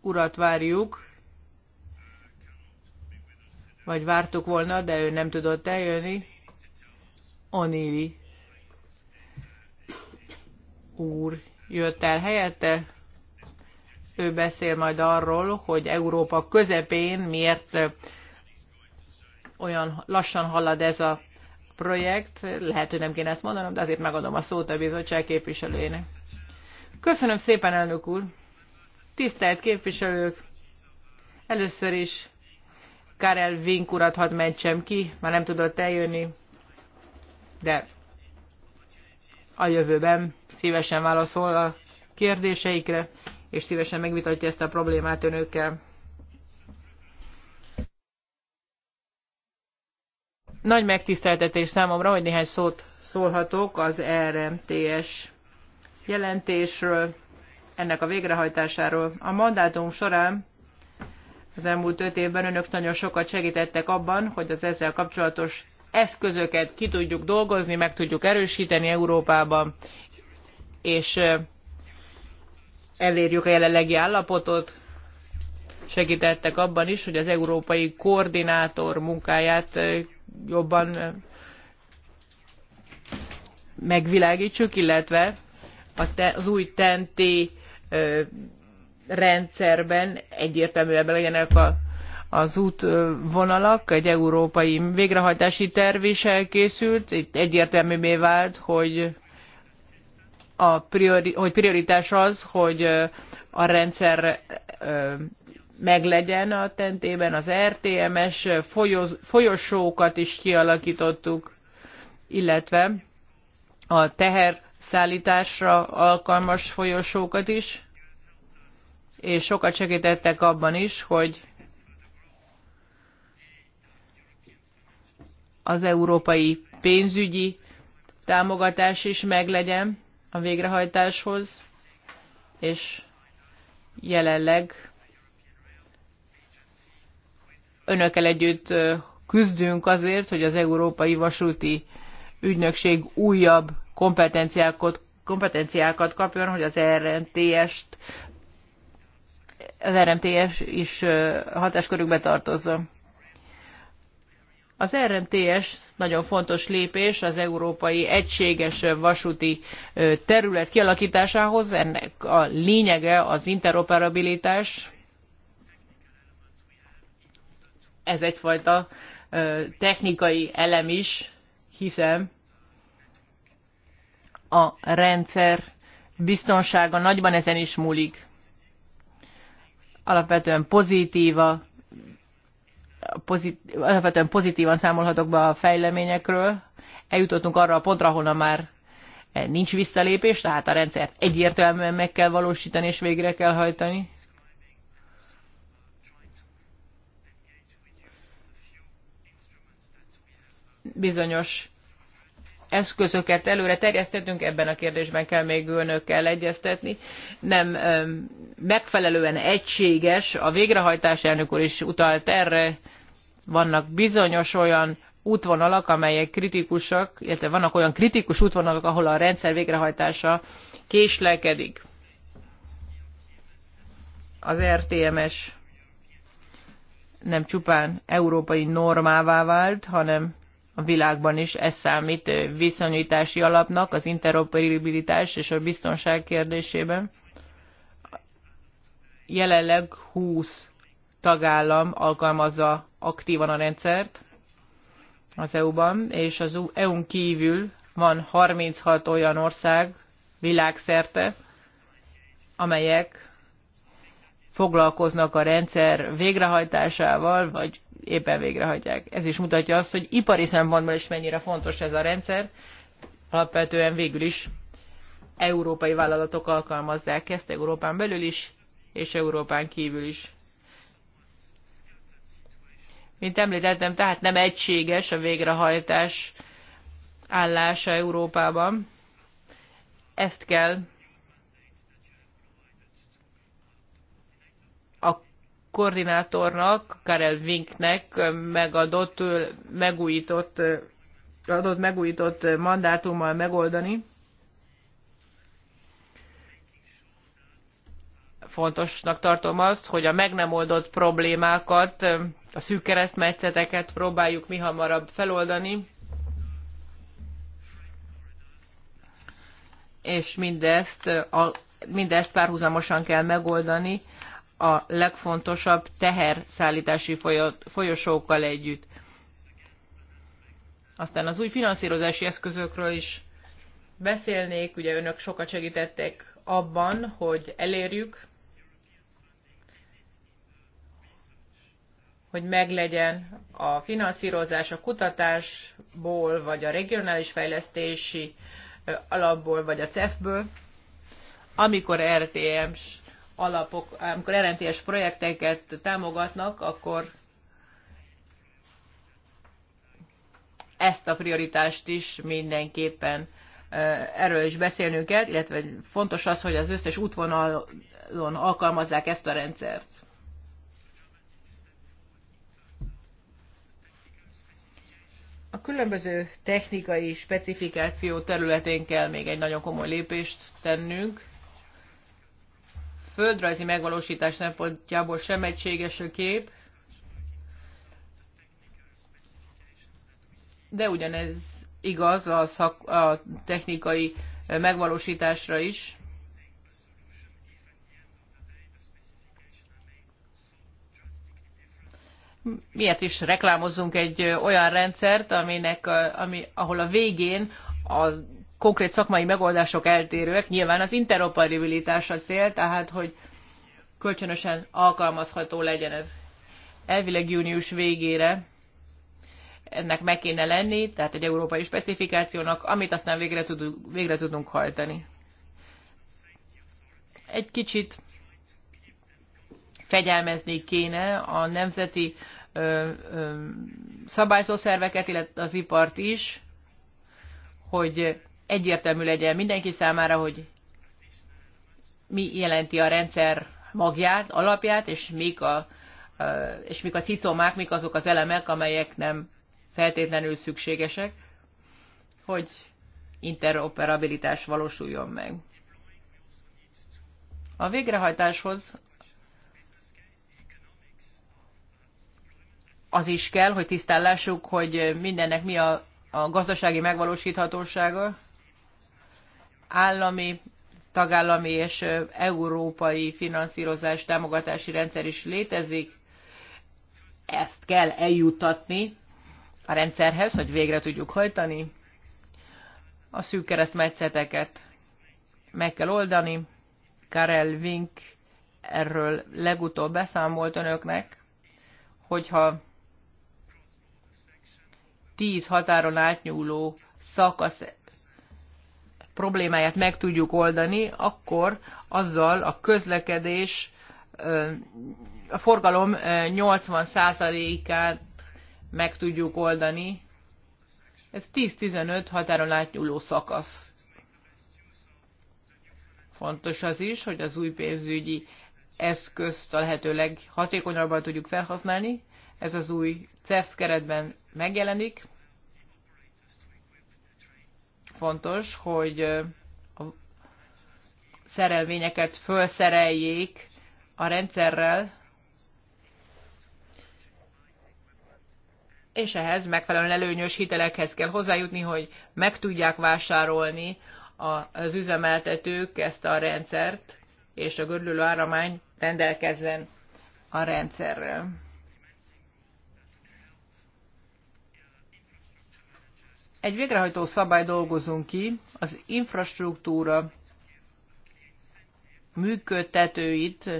urat várjuk, vagy vártuk volna, de ő nem tudott eljönni. Onili úr jött el helyette. Ő beszél majd arról, hogy Európa közepén miért olyan lassan halad ez a projekt. Lehet, hogy nem kéne ezt mondanom, de azért megadom a szót a bizottság képviselőjének. Köszönöm szépen, elnök úr! Tisztelt képviselők! Először is Karel Vink urat hadd mentsem ki, már nem tudott eljönni, de a jövőben szívesen válaszol a kérdéseikre, és szívesen megvitatja ezt a problémát önökkel. Nagy megtiszteltetés számomra, hogy néhány szót szólhatok az RMTS jelentésről, ennek a végrehajtásáról. A mandátum során az elmúlt öt évben önök nagyon sokat segítettek abban, hogy az ezzel kapcsolatos eszközöket ki tudjuk dolgozni, meg tudjuk erősíteni Európában, és elérjük a jelenlegi állapotot. Segítettek abban is, hogy az európai koordinátor munkáját jobban megvilágítsuk, illetve az új TNT rendszerben egyértelműen legyenek a, az útvonalak, egy európai végrehajtási terv is elkészült, itt egyértelművé vált, hogy a priori, hogy prioritás az, hogy a rendszer meglegyen a tentében, az RTMS folyos, folyosókat is kialakítottuk, illetve a teherszállításra alkalmas folyosókat is, és sokat segítettek abban is, hogy az európai pénzügyi támogatás is meglegyen, a végrehajtáshoz, és jelenleg önökkel együtt küzdünk azért, hogy az Európai Vasúti Ügynökség újabb kompetenciákat, kompetenciákat kapjon, hogy az RMTS-t az RMTS is hatáskörükbe tartozza. Az RMTS nagyon fontos lépés az európai egységes vasúti terület kialakításához. Ennek a lényege az interoperabilitás. Ez egyfajta technikai elem is, hiszen a rendszer biztonsága nagyban ezen is múlik. Alapvetően pozitíva alapvetően pozitívan számolhatok be a fejleményekről. Eljutottunk arra a pontra, ahol már nincs visszalépés, tehát a rendszert egyértelműen meg kell valósítani és végre kell hajtani. Bizonyos eszközöket előre terjesztettünk, ebben a kérdésben kell még önökkel egyeztetni. Nem megfelelően egységes, a végrehajtás elnök úr is utalt erre, vannak bizonyos olyan útvonalak, amelyek kritikusak, illetve vannak olyan kritikus útvonalak, ahol a rendszer végrehajtása késlekedik. Az RTMS nem csupán európai normává vált, hanem a világban is ez számít viszonyítási alapnak az interoperabilitás és a biztonság kérdésében. Jelenleg 20 tagállam alkalmazza aktívan a rendszert az EU-ban, és az EU-n kívül van 36 olyan ország világszerte, amelyek foglalkoznak a rendszer végrehajtásával, vagy éppen végrehajtják. Ez is mutatja azt, hogy ipari szempontból is mennyire fontos ez a rendszer. Alapvetően végül is európai vállalatok alkalmazzák ezt Európán belül is, és Európán kívül is. Mint említettem, tehát nem egységes a végrehajtás állása Európában. Ezt kell koordinátornak, Karel Vinknek megadott, megújított, adott megújított mandátummal megoldani. Fontosnak tartom azt, hogy a meg nem oldott problémákat, a szűk keresztmetszeteket próbáljuk mi hamarabb feloldani, és mindezt, a, mindezt párhuzamosan kell megoldani a legfontosabb teherszállítási folyosókkal együtt. Aztán az új finanszírozási eszközökről is beszélnék, ugye önök sokat segítettek abban, hogy elérjük, hogy meglegyen a finanszírozás a kutatásból, vagy a regionális fejlesztési alapból, vagy a CEF-ből, amikor RTM-s alapok, amikor RNTS projekteket támogatnak, akkor ezt a prioritást is mindenképpen erről is beszélnünk kell, illetve fontos az, hogy az összes útvonalon alkalmazzák ezt a rendszert. A különböző technikai specifikáció területén kell még egy nagyon komoly lépést tennünk földrajzi megvalósítás szempontjából sem egységes a kép, de ugyanez igaz a, szak, a technikai megvalósításra is. Miért is reklámozzunk egy olyan rendszert, aminek, ami, ahol a végén az konkrét szakmai megoldások eltérőek, nyilván az interoperabilitás a cél, tehát hogy kölcsönösen alkalmazható legyen ez. Elvileg június végére ennek meg kéne lenni, tehát egy európai specifikációnak, amit aztán végre tud, végre tudunk hajtani. Egy kicsit fegyelmezni kéne a nemzeti ö, ö, szabályzószerveket, szerveket, illetve az ipart is, hogy egyértelmű legyen mindenki számára, hogy mi jelenti a rendszer magját, alapját, és mik a, és mik a cicomák, mik azok az elemek, amelyek nem feltétlenül szükségesek, hogy interoperabilitás valósuljon meg. A végrehajtáshoz az is kell, hogy tisztállásuk, hogy mindennek mi a, a gazdasági megvalósíthatósága állami, tagállami és európai finanszírozás támogatási rendszer is létezik. Ezt kell eljutatni a rendszerhez, hogy végre tudjuk hajtani. A szűk keresztmetszeteket meg kell oldani. Karel Vink erről legutóbb beszámolt önöknek, hogyha tíz határon átnyúló szakasz problémáját meg tudjuk oldani, akkor azzal a közlekedés, a forgalom 80%-át meg tudjuk oldani. Ez 10-15 határon átnyúló szakasz. Fontos az is, hogy az új pénzügyi eszközt a lehető leghatékonyabban tudjuk felhasználni. Ez az új CEF keretben megjelenik fontos, hogy a szerelvényeket felszereljék a rendszerrel, és ehhez megfelelően előnyös hitelekhez kell hozzájutni, hogy meg tudják vásárolni az üzemeltetők ezt a rendszert, és a gördülő áramány rendelkezzen a rendszerrel. Egy végrehajtó szabály dolgozunk ki, az infrastruktúra működtetőit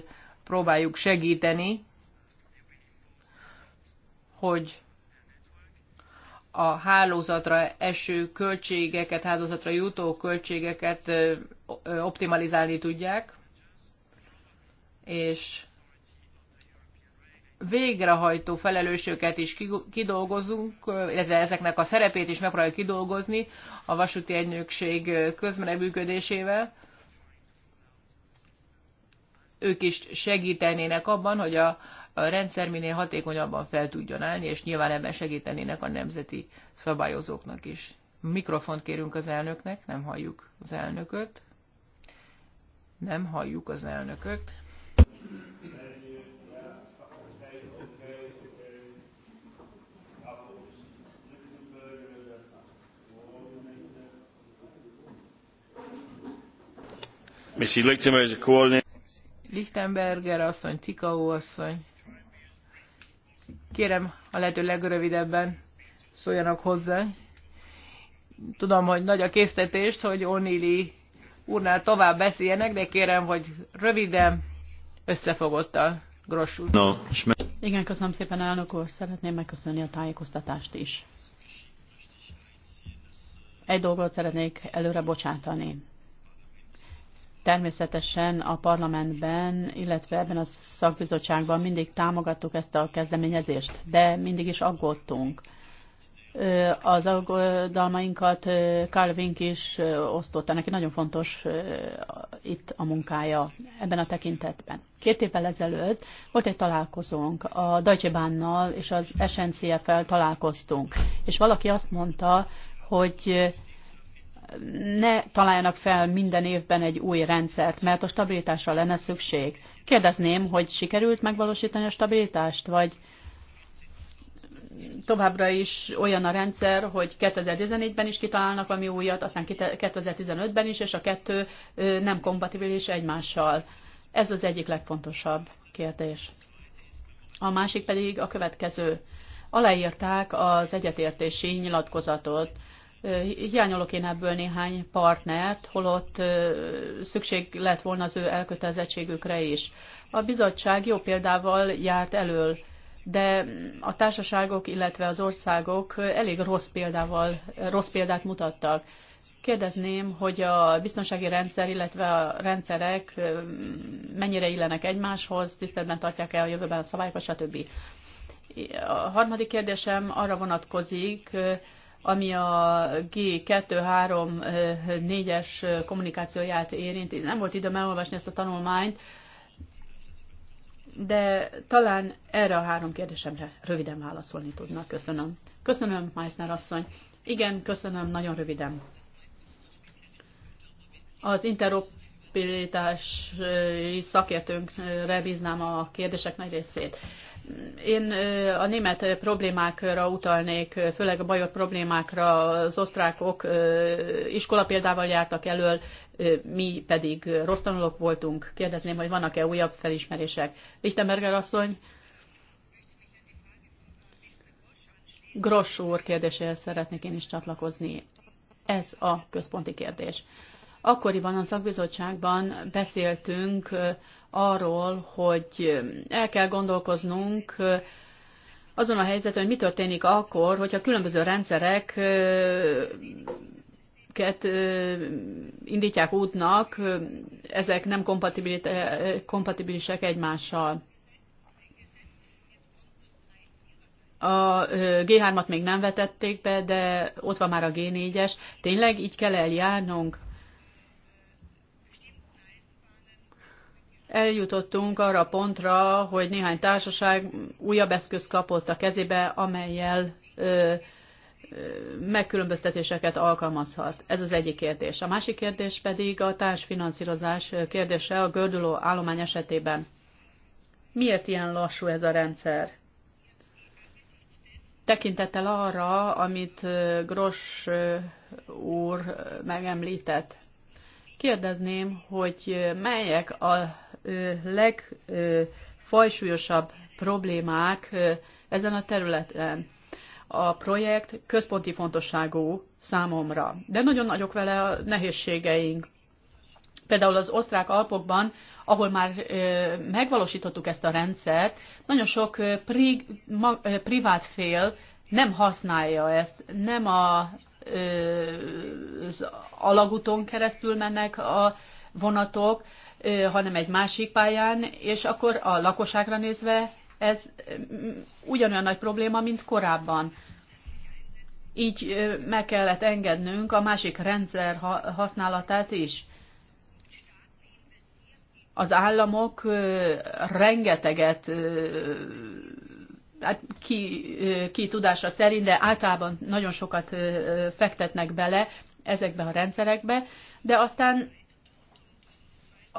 próbáljuk segíteni, hogy a hálózatra eső költségeket, hálózatra jutó költségeket optimalizálni tudják, és végrehajtó felelősöket is kidolgozunk, illetve ezeknek a szerepét is megpróbáljuk kidolgozni a vasúti egynökség közmeneműködésével. Ők is segítenének abban, hogy a, a rendszer minél hatékonyabban fel tudjon állni, és nyilván ebben segítenének a nemzeti szabályozóknak is. Mikrofont kérünk az elnöknek, nem halljuk az elnököt. Nem halljuk az elnököt. Lichtenberger asszony, Tikaó asszony. Kérem, a lehető legrövidebben szóljanak hozzá. Tudom, hogy nagy a késztetést, hogy Onili úrnál tovább beszéljenek, de kérem, hogy röviden, összefogottal. a úr. No, Igen, köszönöm szépen, elnök úr. Szeretném megköszönni a tájékoztatást is. Egy dolgot szeretnék előre bocsátani. Természetesen a parlamentben, illetve ebben a szakbizottságban mindig támogattuk ezt a kezdeményezést, de mindig is aggódtunk. Az aggodalmainkat Carl Wink is osztotta, neki nagyon fontos itt a munkája ebben a tekintetben. Két évvel ezelőtt volt egy találkozónk, a Deutsche Bahnnal és az SNCF-el találkoztunk, és valaki azt mondta, hogy ne találjanak fel minden évben egy új rendszert, mert a stabilitásra lenne szükség. Kérdezném, hogy sikerült megvalósítani a stabilitást, vagy továbbra is olyan a rendszer, hogy 2014-ben is kitalálnak valami újat, aztán 2015-ben is, és a kettő nem kompatibilis egymással. Ez az egyik legfontosabb kérdés. A másik pedig a következő. Aláírták az egyetértési nyilatkozatot. Hiányolok én ebből néhány partnert, holott szükség lett volna az ő elkötelezettségükre is. A bizottság jó példával járt elől, de a társaságok, illetve az országok elég rossz, példával, rossz példát mutattak. Kérdezném, hogy a biztonsági rendszer, illetve a rendszerek mennyire illenek egymáshoz, tiszteletben tartják-e a jövőben a szabályokat, stb. A harmadik kérdésem arra vonatkozik, ami a g 234 es kommunikációját érinti. Nem volt időm elolvasni ezt a tanulmányt, de talán erre a három kérdésemre röviden válaszolni tudnak. Köszönöm. Köszönöm, Meissner asszony. Igen, köszönöm, nagyon röviden. Az interoperabilitási szakértőnkre bíznám a kérdések nagy részét. Én a német problémákra utalnék, főleg a bajor problémákra az osztrákok iskola példával jártak elől, mi pedig rossz tanulók voltunk. Kérdezném, hogy vannak-e újabb felismerések. Lichtenberger asszony, Gross úr kérdéséhez szeretnék én is csatlakozni. Ez a központi kérdés. Akkoriban a szakbizottságban beszéltünk arról, hogy el kell gondolkoznunk azon a helyzetben, hogy mi történik akkor, hogyha különböző rendszerek indítják útnak, ezek nem kompatibilisek egymással. A G3-at még nem vetették be, de ott van már a G4-es. Tényleg így kell eljárnunk? eljutottunk arra pontra, hogy néhány társaság újabb eszközt kapott a kezébe, amelyel ö, megkülönböztetéseket alkalmazhat. Ez az egyik kérdés. A másik kérdés pedig a társfinanszírozás kérdése a gördülő állomány esetében. Miért ilyen lassú ez a rendszer? Tekintettel arra, amit Gross úr megemlített. Kérdezném, hogy melyek a legfajsúlyosabb problémák ezen a területen. A projekt központi fontosságú számomra, de nagyon nagyok vele a nehézségeink. Például az osztrák Alpokban, ahol már megvalósítottuk ezt a rendszert, nagyon sok pri, ma, privát fél nem használja ezt, nem a, az alagúton keresztül mennek a vonatok, hanem egy másik pályán, és akkor a lakosságra nézve ez ugyanolyan nagy probléma, mint korábban. Így meg kellett engednünk a másik rendszer használatát is. Az államok rengeteget hát ki, ki tudása szerint, de általában nagyon sokat fektetnek bele ezekbe a rendszerekbe, de aztán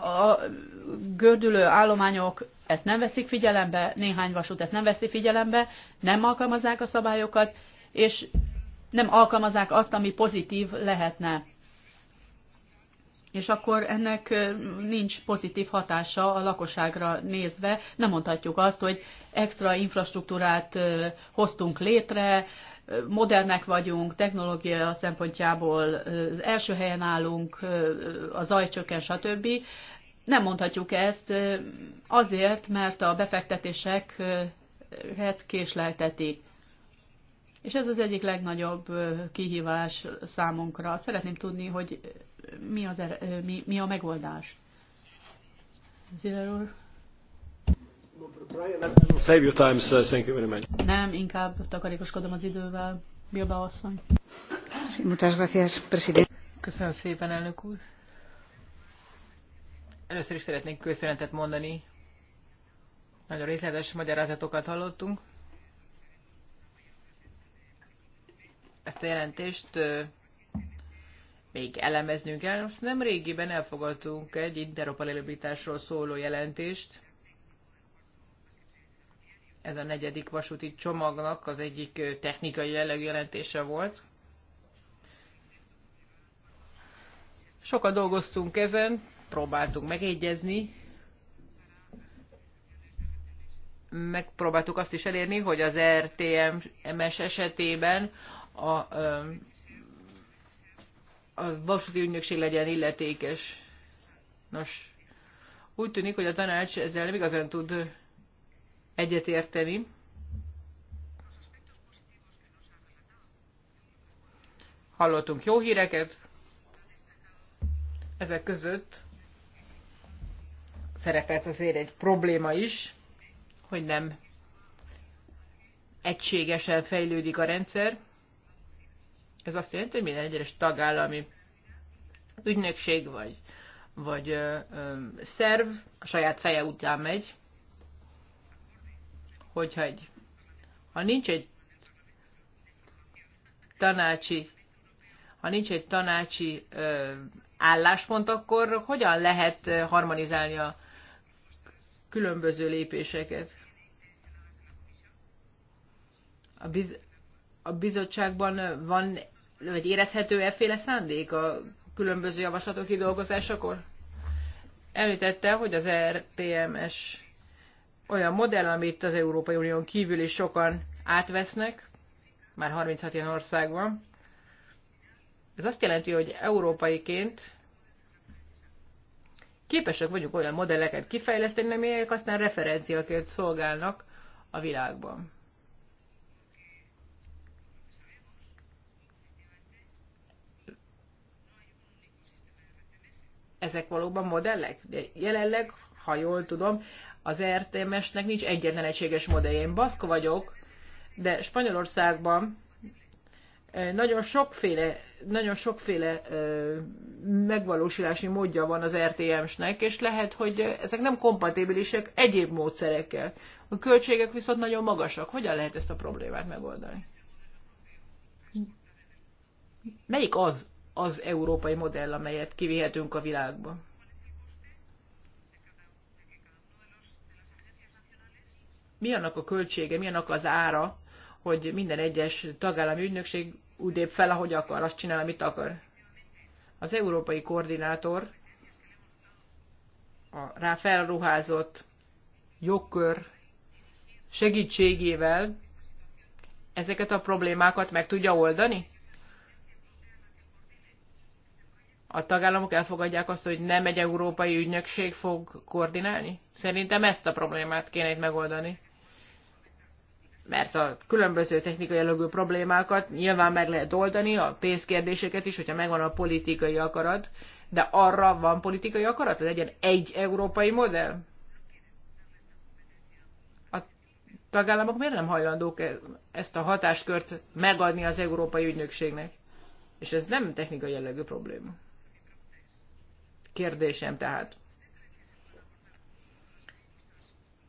a gördülő állományok ezt nem veszik figyelembe, néhány vasút ezt nem veszi figyelembe, nem alkalmazzák a szabályokat, és nem alkalmazzák azt, ami pozitív lehetne. És akkor ennek nincs pozitív hatása a lakosságra nézve. Nem mondhatjuk azt, hogy extra infrastruktúrát hoztunk létre, modernek vagyunk, technológia szempontjából az első helyen állunk, a zaj csökken, stb. Nem mondhatjuk ezt azért, mert a befektetéseket késleltetik. És ez az egyik legnagyobb kihívás számunkra. Szeretném tudni, hogy mi, az er- mi, mi a megoldás. Ziller úr? save your time, sir. Thank you very much. Nem, inkább takarékoskodom az idővel. Bilba asszony. Sí, muchas gracias, Köszönöm szépen, elnök úr. Először is szeretnék köszönetet mondani. Nagyon részletes magyarázatokat hallottunk. Ezt a jelentést még elemeznünk kell. Most nem régiben elfogadtunk egy interoperabilitásról szóló jelentést, ez a negyedik vasúti csomagnak az egyik technikai jellegű jelentése volt. Sokat dolgoztunk ezen, próbáltunk megegyezni, megpróbáltuk azt is elérni, hogy az RTMS esetében a, a vasúti ügynökség legyen illetékes. Nos, úgy tűnik, hogy a tanács ezzel nem igazán tud egyetérteni. Hallottunk jó híreket, ezek között szerepelt azért egy probléma is, hogy nem egységesen fejlődik a rendszer. Ez azt jelenti, hogy minden egyes tagállami ügynökség vagy, vagy ö, ö, szerv a saját feje után megy hogyha egy, ha nincs egy tanácsi, ha nincs egy tanácsi ö, álláspont, akkor hogyan lehet harmonizálni a különböző lépéseket? A, biz, a bizottságban van, vagy érezhető efféle szándék a különböző javaslatok kidolgozásakor? Említette, hogy az RPMS olyan modell, amit az Európai Unión kívül is sokan átvesznek, már 36 ilyen ország van. Ez azt jelenti, hogy európaiként képesek vagyunk olyan modelleket kifejleszteni, amelyek aztán referenciaként szolgálnak a világban. Ezek valóban modellek? De jelenleg, ha jól tudom, az RTMS-nek nincs egyetlen egységes modellje. Én baszk vagyok, de Spanyolországban nagyon sokféle, nagyon sokféle megvalósulási módja van az RTMS-nek, és lehet, hogy ezek nem kompatibilisek egyéb módszerekkel. A költségek viszont nagyon magasak. Hogyan lehet ezt a problémát megoldani? Melyik az az európai modell, amelyet kivihetünk a világba? mi annak a költsége, mi annak az ára, hogy minden egyes tagállami ügynökség úgy lép fel, ahogy akar, azt csinál, amit akar. Az európai koordinátor a rá felruházott jogkör segítségével ezeket a problémákat meg tudja oldani? A tagállamok elfogadják azt, hogy nem egy európai ügynökség fog koordinálni? Szerintem ezt a problémát kéne itt megoldani mert a különböző technikai jellegű problémákat nyilván meg lehet oldani, a pénzkérdéseket is, hogyha megvan a politikai akarat, de arra van politikai akarat, hogy legyen egy európai modell? A tagállamok miért nem hajlandók e- ezt a hatáskört megadni az európai ügynökségnek? És ez nem technikai jellegű probléma. Kérdésem tehát.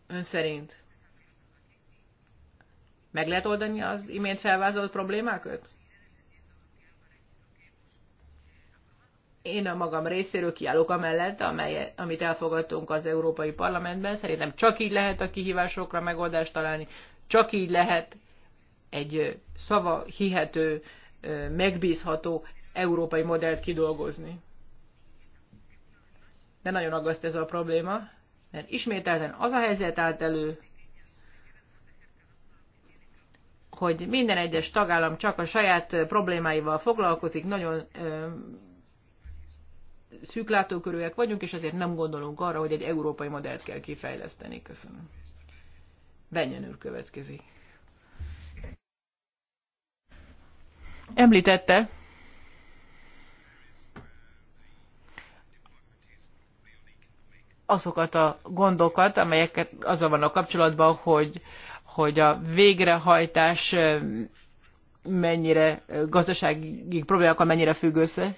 Ön szerint meg lehet oldani az imént felvázolt problémákat? Én a magam részéről kiállok amellett, amely, amit elfogadtunk az Európai Parlamentben. Szerintem csak így lehet a kihívásokra megoldást találni, csak így lehet egy szava hihető, megbízható európai modellt kidolgozni. De nagyon aggaszt ez a probléma, mert ismételten az a helyzet állt elő, hogy minden egyes tagállam csak a saját problémáival foglalkozik, nagyon szűklátókörűek vagyunk, és azért nem gondolunk arra, hogy egy európai modellt kell kifejleszteni. Köszönöm. Benyen úr következik. Említette, azokat a gondokat, amelyeket azzal a kapcsolatban, hogy hogy a végrehajtás mennyire gazdasági problémákkal mennyire függ össze?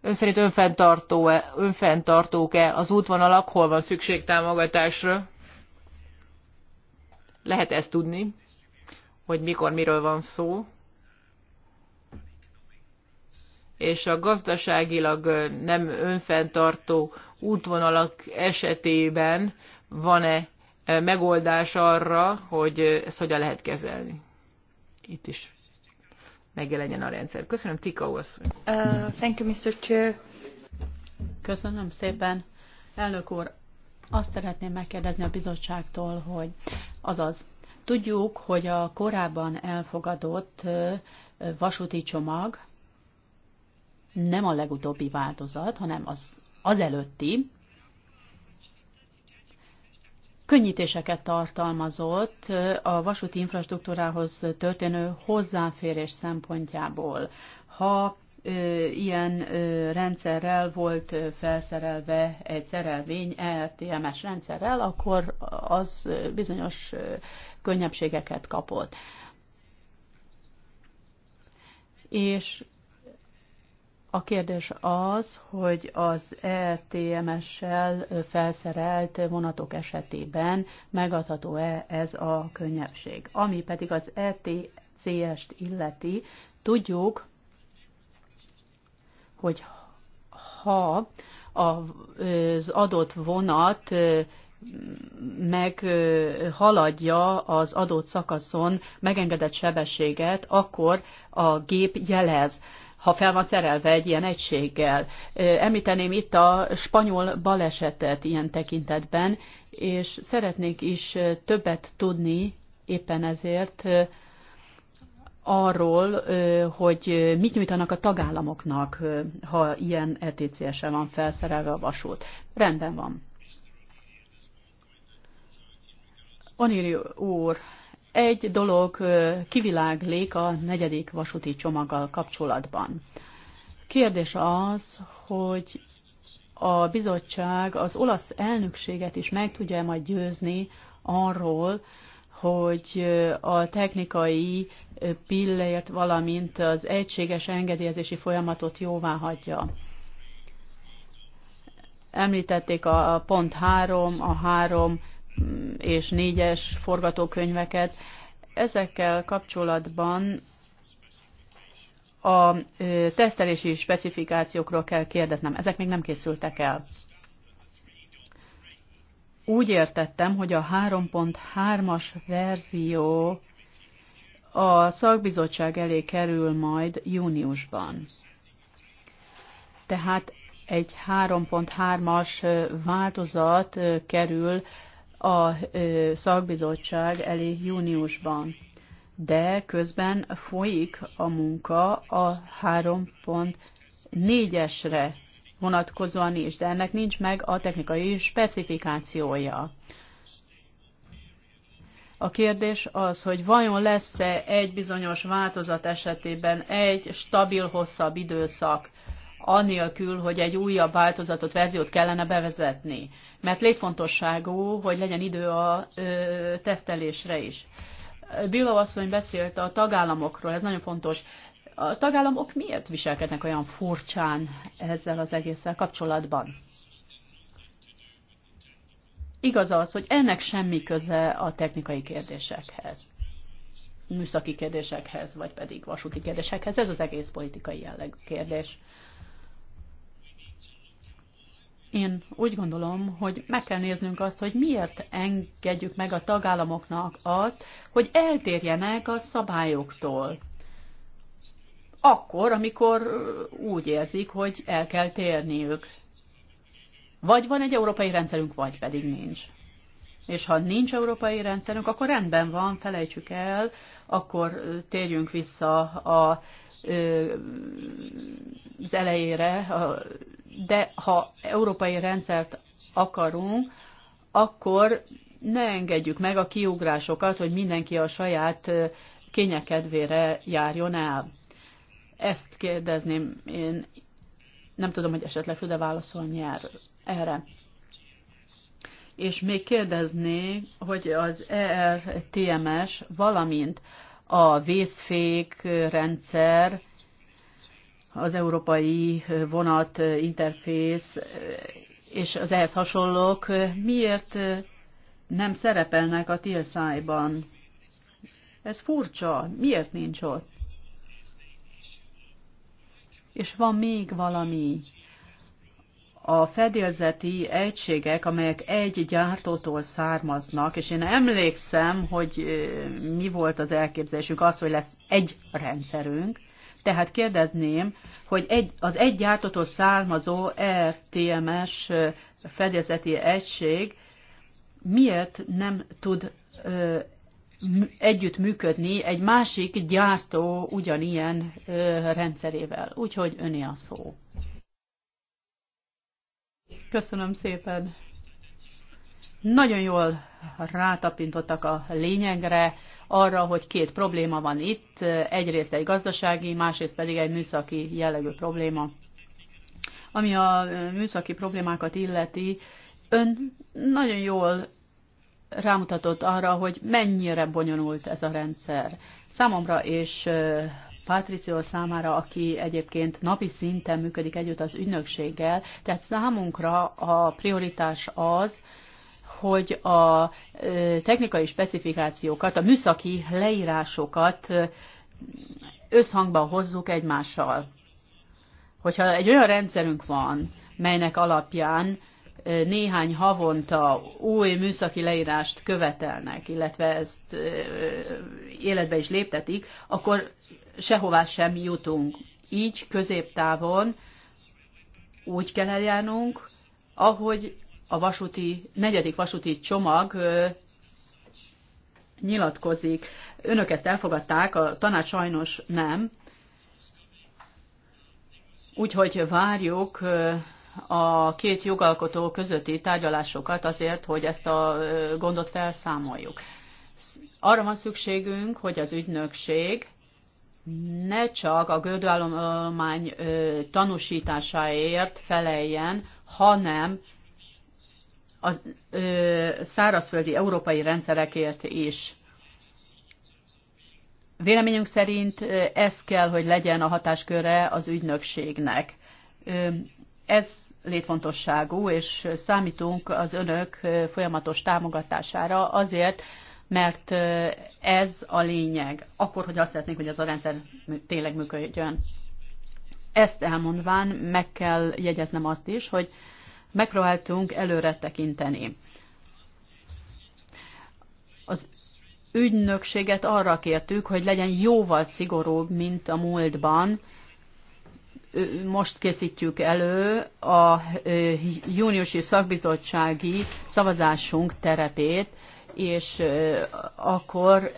Ön szerint önfenntartó-e, önfenntartók-e az útvonalak, hol van szükség támogatásra? Lehet ezt tudni, hogy mikor miről van szó. És a gazdaságilag nem önfenntartó útvonalak esetében van-e megoldás arra, hogy ezt hogyan lehet kezelni. Itt is megjelenjen a rendszer. Köszönöm, Tika uh, Thank you, Mr. Chair. Köszönöm szépen. Elnök úr, azt szeretném megkérdezni a bizottságtól, hogy azaz, tudjuk, hogy a korábban elfogadott vasúti csomag nem a legutóbbi változat, hanem az, az előtti, könnyítéseket tartalmazott a vasúti infrastruktúrához történő hozzáférés szempontjából. Ha ilyen rendszerrel volt felszerelve egy szerelvény ERTMS rendszerrel, akkor az bizonyos könnyebbségeket kapott. És a kérdés az, hogy az ETMS-sel felszerelt vonatok esetében megadható-e ez a könnyebbség. Ami pedig az ETCS-t illeti, tudjuk, hogy ha az adott vonat meghaladja az adott szakaszon megengedett sebességet, akkor a gép jelez ha fel van szerelve egy ilyen egységgel. Említeném itt a spanyol balesetet ilyen tekintetben, és szeretnék is többet tudni éppen ezért arról, hogy mit nyújtanak a tagállamoknak, ha ilyen ETCS-en van felszerelve a vasút. Rendben van. Onírió úr, egy dolog kiviláglik a negyedik vasúti csomaggal kapcsolatban. Kérdés az, hogy a bizottság az olasz elnökséget is meg tudja majd győzni arról, hogy a technikai pillért, valamint az egységes engedélyezési folyamatot jóvá hagyja. Említették a pont 3, a 3 és négyes forgatókönyveket. Ezekkel kapcsolatban a tesztelési specifikációkról kell kérdeznem. Ezek még nem készültek el. Úgy értettem, hogy a 3.3-as verzió a szakbizottság elé kerül majd júniusban. Tehát egy 3.3-as változat kerül a szakbizottság elé júniusban. De közben folyik a munka a 3.4-esre vonatkozóan is, de ennek nincs meg a technikai specifikációja. A kérdés az, hogy vajon lesz-e egy bizonyos változat esetében egy stabil hosszabb időszak, anélkül, hogy egy újabb változatot, verziót kellene bevezetni. Mert létfontosságú, hogy legyen idő a ö, tesztelésre is. Billó asszony beszélt a tagállamokról, ez nagyon fontos. A tagállamok miért viselkednek olyan furcsán ezzel az egésszel kapcsolatban? Igaz az, hogy ennek semmi köze a technikai kérdésekhez, műszaki kérdésekhez, vagy pedig vasúti kérdésekhez. Ez az egész politikai jellegű kérdés. Én úgy gondolom, hogy meg kell néznünk azt, hogy miért engedjük meg a tagállamoknak azt, hogy eltérjenek a szabályoktól. Akkor, amikor úgy érzik, hogy el kell térniük. Vagy van egy európai rendszerünk, vagy pedig nincs. És ha nincs európai rendszerünk, akkor rendben van, felejtsük el, akkor térjünk vissza a, az elejére, de ha európai rendszert akarunk, akkor ne engedjük meg a kiugrásokat, hogy mindenki a saját kényekedvére járjon el. Ezt kérdezném én, nem tudom, hogy esetleg tud-e válaszolni erre. És még kérdeznék, hogy az ERTMS, valamint a vészfék rendszer, az európai vonat interfész és az ehhez hasonlók miért nem szerepelnek a tilszájban? Ez furcsa, miért nincs ott? És van még valami, a fedélzeti egységek, amelyek egy gyártótól származnak, és én emlékszem, hogy mi volt az elképzelésünk az, hogy lesz egy rendszerünk, tehát kérdezném, hogy egy, az egy gyártótól származó RTMS er fedélzeti egység miért nem tud ö, együtt működni egy másik gyártó ugyanilyen ö, rendszerével. Úgyhogy öné a szó. Köszönöm szépen. Nagyon jól rátapintottak a lényegre, arra, hogy két probléma van itt, egyrészt egy gazdasági, másrészt pedig egy műszaki jellegű probléma. Ami a műszaki problémákat illeti, ön nagyon jól rámutatott arra, hogy mennyire bonyolult ez a rendszer. Számomra és Patricio számára, aki egyébként napi szinten működik együtt az ügynökséggel, tehát számunkra a prioritás az, hogy a technikai specifikációkat, a műszaki leírásokat összhangba hozzuk egymással. Hogyha egy olyan rendszerünk van, melynek alapján néhány havonta új műszaki leírást követelnek, illetve ezt életbe is léptetik, akkor sehová sem jutunk. Így középtávon úgy kell eljárnunk, ahogy a vasúti, negyedik vasúti csomag nyilatkozik. Önök ezt elfogadták, a tanács sajnos nem. Úgyhogy várjuk a két jogalkotó közötti tárgyalásokat azért, hogy ezt a gondot felszámoljuk. Arra van szükségünk, hogy az ügynökség ne csak a gödvállomány tanúsításáért feleljen, hanem a szárazföldi európai rendszerekért is. Véleményünk szerint ez kell, hogy legyen a hatásköre az ügynökségnek. Ez létfontosságú, és számítunk az önök folyamatos támogatására azért, mert ez a lényeg. Akkor, hogy azt szeretnénk, hogy ez a rendszer tényleg működjön. Ezt elmondván meg kell jegyeznem azt is, hogy megpróbáltunk előre tekinteni. Az ügynökséget arra kértük, hogy legyen jóval szigorúbb, mint a múltban. Most készítjük elő a júniusi szakbizottsági szavazásunk terepét, és akkor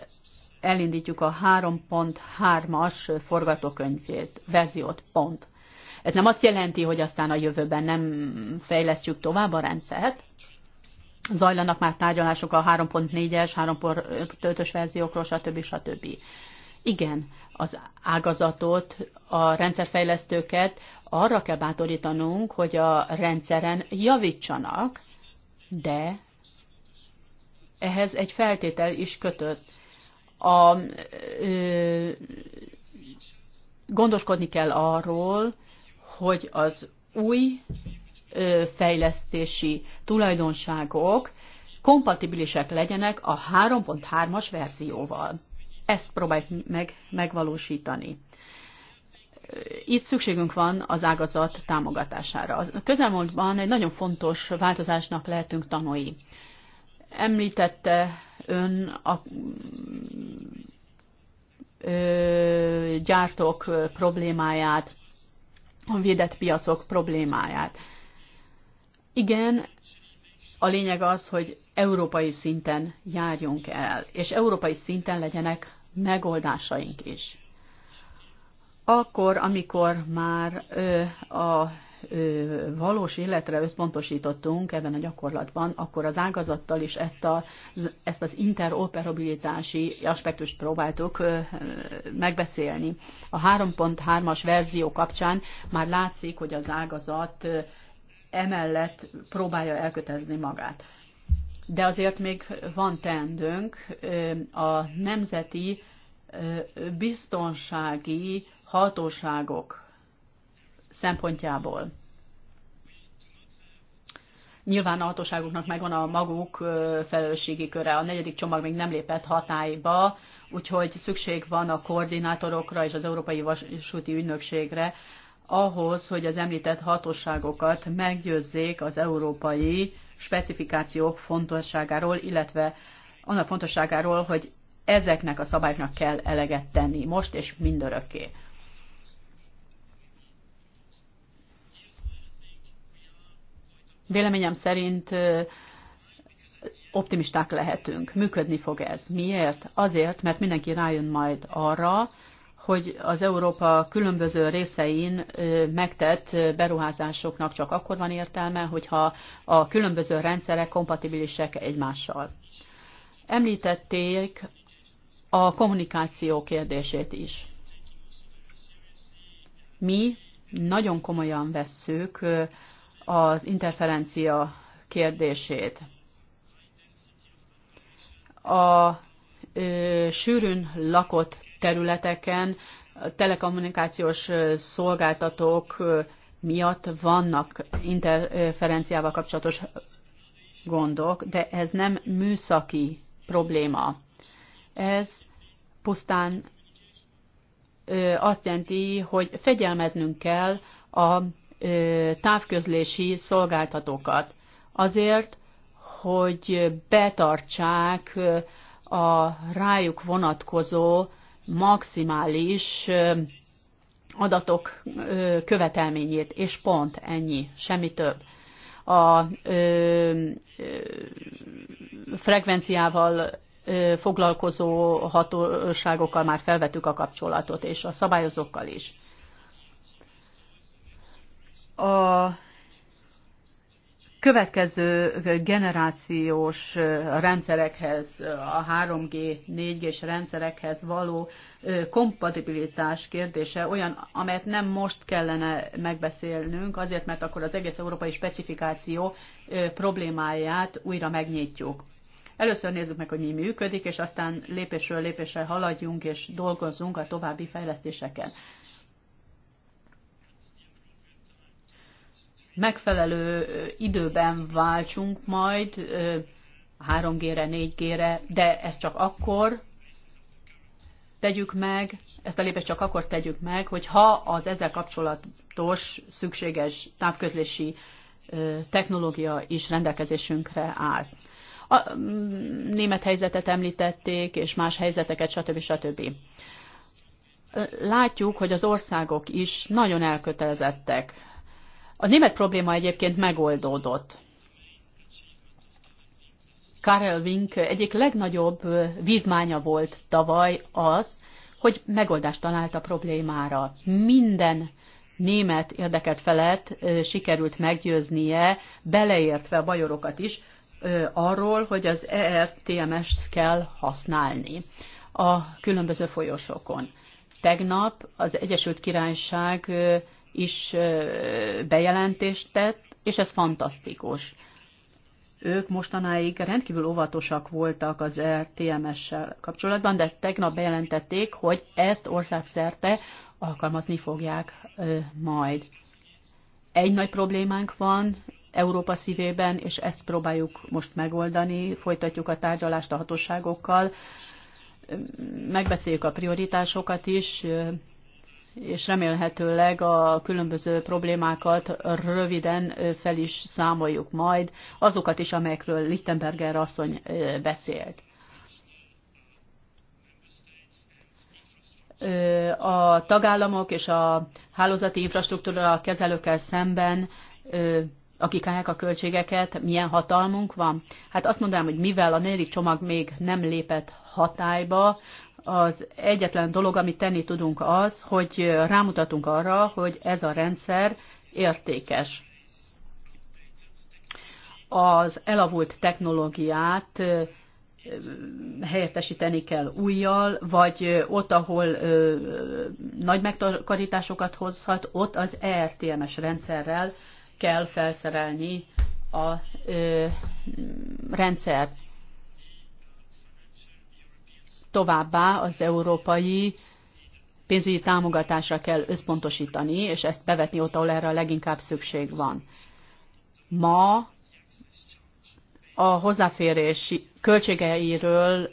elindítjuk a 3.3-as forgatókönyvét, verziót, pont. Ez nem azt jelenti, hogy aztán a jövőben nem fejlesztjük tovább a rendszert. Zajlanak már tárgyalások a 3.4-es, 3.5-ös verziókról, stb. stb. Igen, az ágazatot, a rendszerfejlesztőket arra kell bátorítanunk, hogy a rendszeren javítsanak, de ehhez egy feltétel is kötött. A, ö, gondoskodni kell arról, hogy az új ö, fejlesztési tulajdonságok kompatibilisek legyenek a 3.3-as verzióval. Ezt próbáljuk meg, megvalósítani. Itt szükségünk van az ágazat támogatására. A közelmúltban egy nagyon fontos változásnak lehetünk tanulni. Említette ön a ö, gyártók problémáját, a védett piacok problémáját. Igen, a lényeg az, hogy európai szinten járjunk el, és európai szinten legyenek megoldásaink is. Akkor, amikor már ö, a valós életre összpontosítottunk ebben a gyakorlatban, akkor az ágazattal is ezt, a, ezt az interoperabilitási aspektust próbáltuk megbeszélni. A 3.3-as verzió kapcsán már látszik, hogy az ágazat emellett próbálja elkötezni magát. De azért még van teendőnk a nemzeti biztonsági hatóságok szempontjából. Nyilván a hatóságoknak megvan a maguk felelősségi köre. A negyedik csomag még nem lépett hatályba, úgyhogy szükség van a koordinátorokra és az Európai Vasúti Ügynökségre ahhoz, hogy az említett hatóságokat meggyőzzék az európai specifikációk fontosságáról, illetve annak fontosságáról, hogy ezeknek a szabályoknak kell eleget tenni most és mindörökké. Véleményem szerint optimisták lehetünk. Működni fog ez. Miért? Azért, mert mindenki rájön majd arra, hogy az Európa különböző részein megtett beruházásoknak csak akkor van értelme, hogyha a különböző rendszerek kompatibilisek egymással. Említették a kommunikáció kérdését is. Mi nagyon komolyan vesszük az interferencia kérdését. A ö, sűrűn lakott területeken telekommunikációs szolgáltatók miatt vannak interferenciával kapcsolatos gondok, de ez nem műszaki probléma. Ez pusztán azt jelenti, hogy fegyelmeznünk kell a távközlési szolgáltatókat azért, hogy betartsák a rájuk vonatkozó maximális adatok követelményét, és pont ennyi, semmi több. A ö, ö, frekvenciával ö, foglalkozó hatóságokkal már felvettük a kapcsolatot, és a szabályozókkal is a következő generációs rendszerekhez, a 3G, 4G-s rendszerekhez való kompatibilitás kérdése olyan, amelyet nem most kellene megbeszélnünk, azért, mert akkor az egész európai specifikáció problémáját újra megnyitjuk. Először nézzük meg, hogy mi működik, és aztán lépésről lépésre haladjunk és dolgozzunk a további fejlesztéseken. megfelelő időben váltsunk majd 3G-re, 4G-re, de ezt csak akkor tegyük meg, ezt a lépést csak akkor tegyük meg, hogy ha az ezzel kapcsolatos szükséges távközlési technológia is rendelkezésünkre áll. A német helyzetet említették, és más helyzeteket, stb. stb. Látjuk, hogy az országok is nagyon elkötelezettek a német probléma egyébként megoldódott. Karel Wink egyik legnagyobb vívmánya volt tavaly az, hogy megoldást talált a problémára. Minden német érdeket felett sikerült meggyőznie, beleértve a bajorokat is, arról, hogy az ERTMS-t kell használni a különböző folyosókon. Tegnap az Egyesült Királyság is bejelentést tett, és ez fantasztikus. Ők mostanáig rendkívül óvatosak voltak az RTMS-sel er kapcsolatban, de tegnap bejelentették, hogy ezt országszerte alkalmazni fogják majd. Egy nagy problémánk van, Európa szívében, és ezt próbáljuk most megoldani, folytatjuk a tárgyalást a hatóságokkal, megbeszéljük a prioritásokat is, és remélhetőleg a különböző problémákat röviden fel is számoljuk majd, azokat is, amelyekről Lichtenberger asszony beszélt. A tagállamok és a hálózati infrastruktúra kezelőkkel szemben akik állják a költségeket, milyen hatalmunk van? Hát azt mondanám, hogy mivel a negyedik csomag még nem lépett hatályba, az egyetlen dolog, amit tenni tudunk az, hogy rámutatunk arra, hogy ez a rendszer értékes. Az elavult technológiát helyettesíteni kell újjal, vagy ott, ahol ö, nagy megtakarításokat hozhat, ott az ERTMS rendszerrel kell felszerelni a ö, rendszert. Továbbá az európai pénzügyi támogatásra kell összpontosítani, és ezt bevetni ott, ahol erre a leginkább szükség van. Ma a hozzáférési költségeiről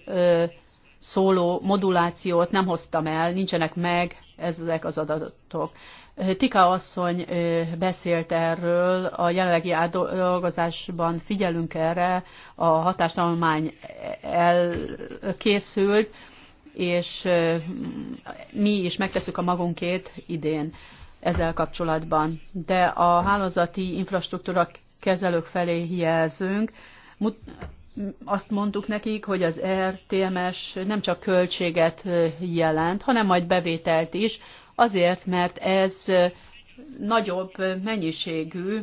szóló modulációt nem hoztam el, nincsenek meg ezek az adatok. Tika asszony beszélt erről, a jelenlegi átdolgozásban figyelünk erre, a hatástanulmány elkészült, és mi is megteszük a magunkét idén ezzel kapcsolatban. De a hálózati infrastruktúra kezelők felé jelzünk. Azt mondtuk nekik, hogy az RTMS nem csak költséget jelent, hanem majd bevételt is, azért, mert ez nagyobb mennyiségű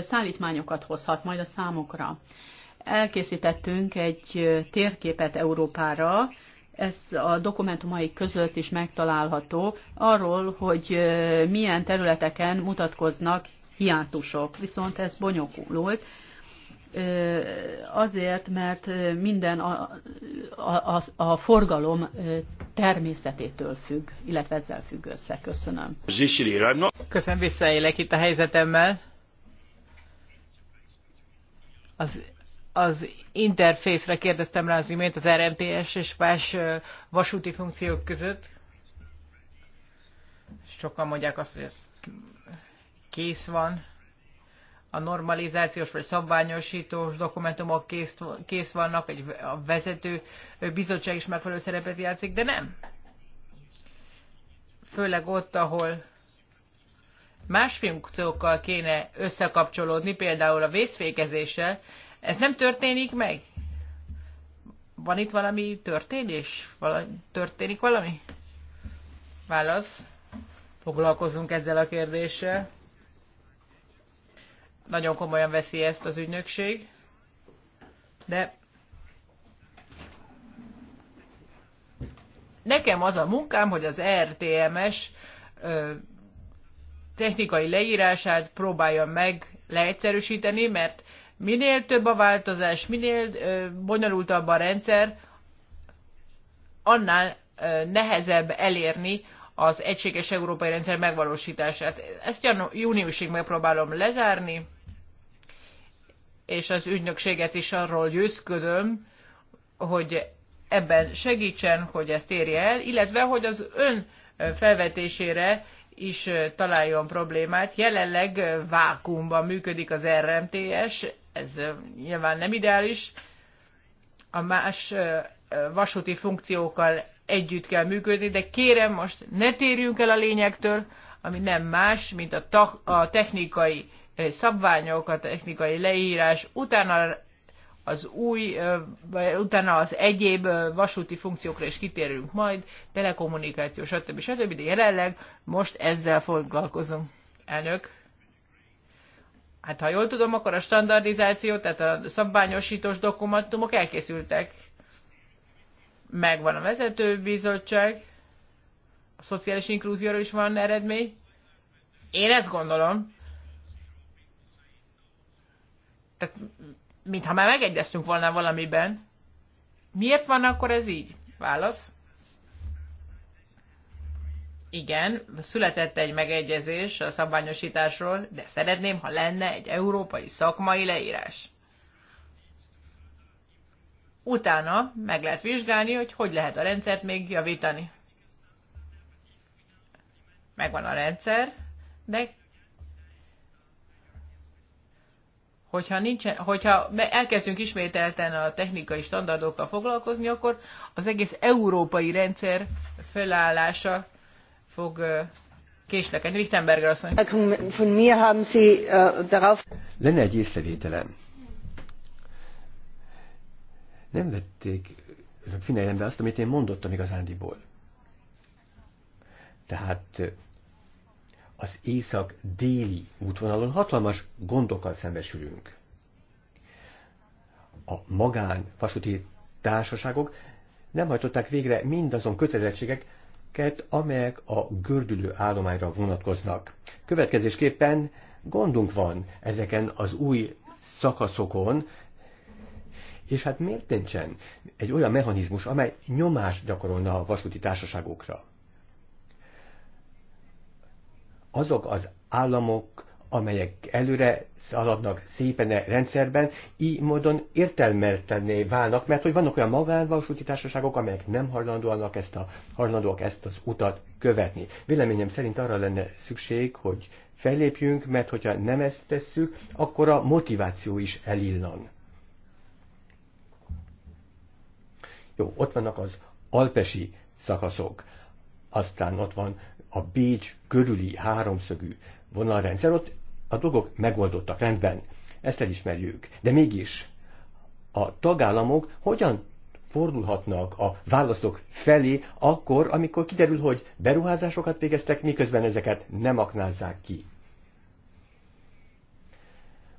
szállítmányokat hozhat majd a számokra. Elkészítettünk egy térképet Európára, ez a dokumentumai között is megtalálható, arról, hogy milyen területeken mutatkoznak hiátusok. Viszont ez bonyolult, azért, mert minden a, a, a forgalom természetétől függ, illetve ezzel függ össze. Köszönöm. Köszönöm, visszaélek itt a helyzetemmel. Az, az interfészre kérdeztem rá az imént az RMTS és más vasúti funkciók között. Sokan mondják azt, hogy ez kész van, a normalizációs vagy szabványosítós dokumentumok kész, kész vannak, egy a vezető bizottság is megfelelő szerepet játszik, de nem. Főleg ott, ahol más funkciókkal kéne összekapcsolódni, például a vészfékezéssel, ez nem történik meg. Van itt valami történés? Valami, történik valami? Válasz. Foglalkozunk ezzel a kérdéssel. Nagyon komolyan veszi ezt az ügynökség, de nekem az a munkám, hogy az RTMS technikai leírását próbáljam meg leegyszerűsíteni, mert minél több a változás, minél bonyolultabb a rendszer, annál nehezebb elérni az egységes európai rendszer megvalósítását. Ezt júniusig megpróbálom lezárni, és az ügynökséget is arról győzködöm, hogy ebben segítsen, hogy ezt érje el, illetve hogy az ön felvetésére is találjon problémát. Jelenleg vákumban működik az RMTS, ez nyilván nem ideális. A más vasúti funkciókkal együtt kell működni, de kérem most ne térjünk el a lényektől, ami nem más, mint a, ta- a technikai eh, szabványok, a technikai leírás, utána az új, eh, utána az egyéb eh, vasúti funkciókra is kitérünk majd, telekommunikáció, stb. stb. De jelenleg most ezzel foglalkozunk. Elnök, hát ha jól tudom, akkor a standardizáció, tehát a szabványosítós dokumentumok elkészültek megvan a vezetőbizottság, a szociális inkluzióra is van eredmény. Én ezt gondolom. Tehát, mintha már megegyeztünk volna valamiben. Miért van akkor ez így? Válasz. Igen, született egy megegyezés a szabványosításról, de szeretném, ha lenne egy európai szakmai leírás utána meg lehet vizsgálni, hogy hogy lehet a rendszert még javítani. Megvan a rendszer, de hogyha, nincsen, hogyha elkezdünk ismételten a technikai standardokkal foglalkozni, akkor az egész európai rendszer felállása fog késlekedni. Lichtenberger azt mondja. Äh, Lenne egy észrevételem nem vették figyelembe azt, amit én mondottam igazándiból. Tehát eh, az észak-déli útvonalon hatalmas gondokkal szembesülünk. A magán vasúti társaságok nem hajtották végre mindazon kötelezettségeket, amelyek a gördülő állományra vonatkoznak. Következésképpen gondunk van ezeken az új szakaszokon, és hát miért nincsen egy olyan mechanizmus, amely nyomást gyakorolna a vasúti társaságokra? Azok az államok, amelyek előre szaladnak szépen a e rendszerben, így módon értelmetlenné válnak, mert hogy vannak olyan magánvasúti társaságok, amelyek nem hajlandóak ezt, a, ezt az utat követni. Véleményem szerint arra lenne szükség, hogy fellépjünk, mert hogyha nem ezt tesszük, akkor a motiváció is elillan. Jó, ott vannak az alpesi szakaszok, aztán ott van a Bécs körüli háromszögű vonalrendszer, ott a dolgok megoldottak rendben, ezt elismerjük. De mégis a tagállamok hogyan fordulhatnak a választók felé akkor, amikor kiderül, hogy beruházásokat végeztek, miközben ezeket nem aknázzák ki.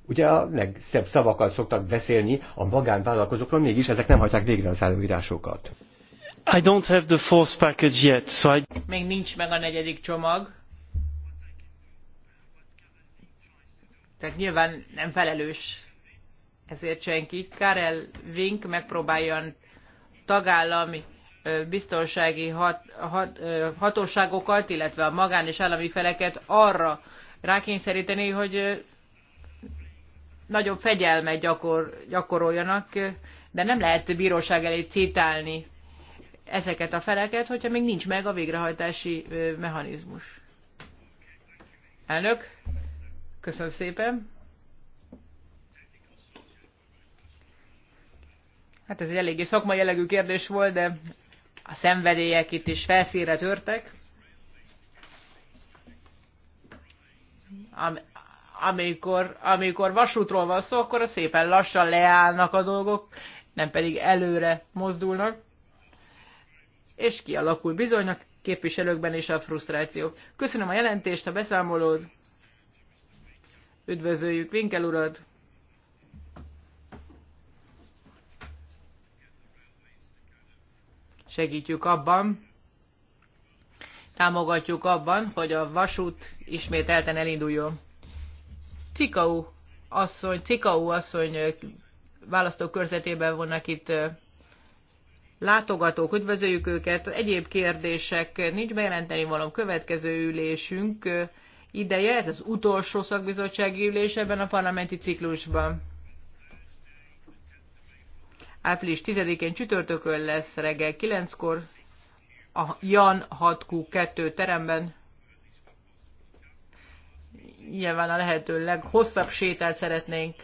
Ugye a legszebb szavakkal szoktak beszélni a magánvállalkozókról, mégis ezek nem hagyják végre az előírásokat. I don't have the fourth package yet, so I... Még nincs meg a negyedik csomag. Tehát nyilván nem felelős ezért senki. Karel Vink megpróbálja tagállami biztonsági hat, hat, hatóságokat, illetve a magán és állami feleket arra rákényszeríteni, hogy nagyobb fegyelmet gyakor, gyakoroljanak, de nem lehet bíróság elé citálni ezeket a feleket, hogyha még nincs meg a végrehajtási mechanizmus. Elnök, köszönöm szépen. Hát ez egy eléggé szakmai jellegű kérdés volt, de a szenvedélyek itt is felszíre törtek amikor, amikor vasútról van szó, akkor szépen lassan leállnak a dolgok, nem pedig előre mozdulnak, és kialakul bizony a képviselőkben is a frusztráció. Köszönöm a jelentést, a beszámolód. Üdvözöljük Winkel urad, Segítjük abban, támogatjuk abban, hogy a vasút ismételten elinduljon. Tikau asszony, Tikau asszony választókörzetében vannak itt látogatók, üdvözöljük őket. Egyéb kérdések nincs bejelenteni valam következő ülésünk ideje, ez az utolsó szakbizottsági ülés ebben a parlamenti ciklusban. Április 10-én csütörtökön lesz reggel 9-kor a Jan 6Q2 teremben nyilván a lehető leghosszabb sétát szeretnénk,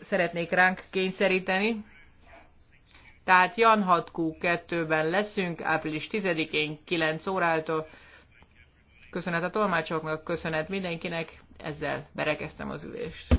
szeretnék ránk kényszeríteni. Tehát Jan 6Q2-ben leszünk, április 10-én 9 órától. Köszönet a tolmácsoknak, köszönet mindenkinek, ezzel berekeztem az ülést.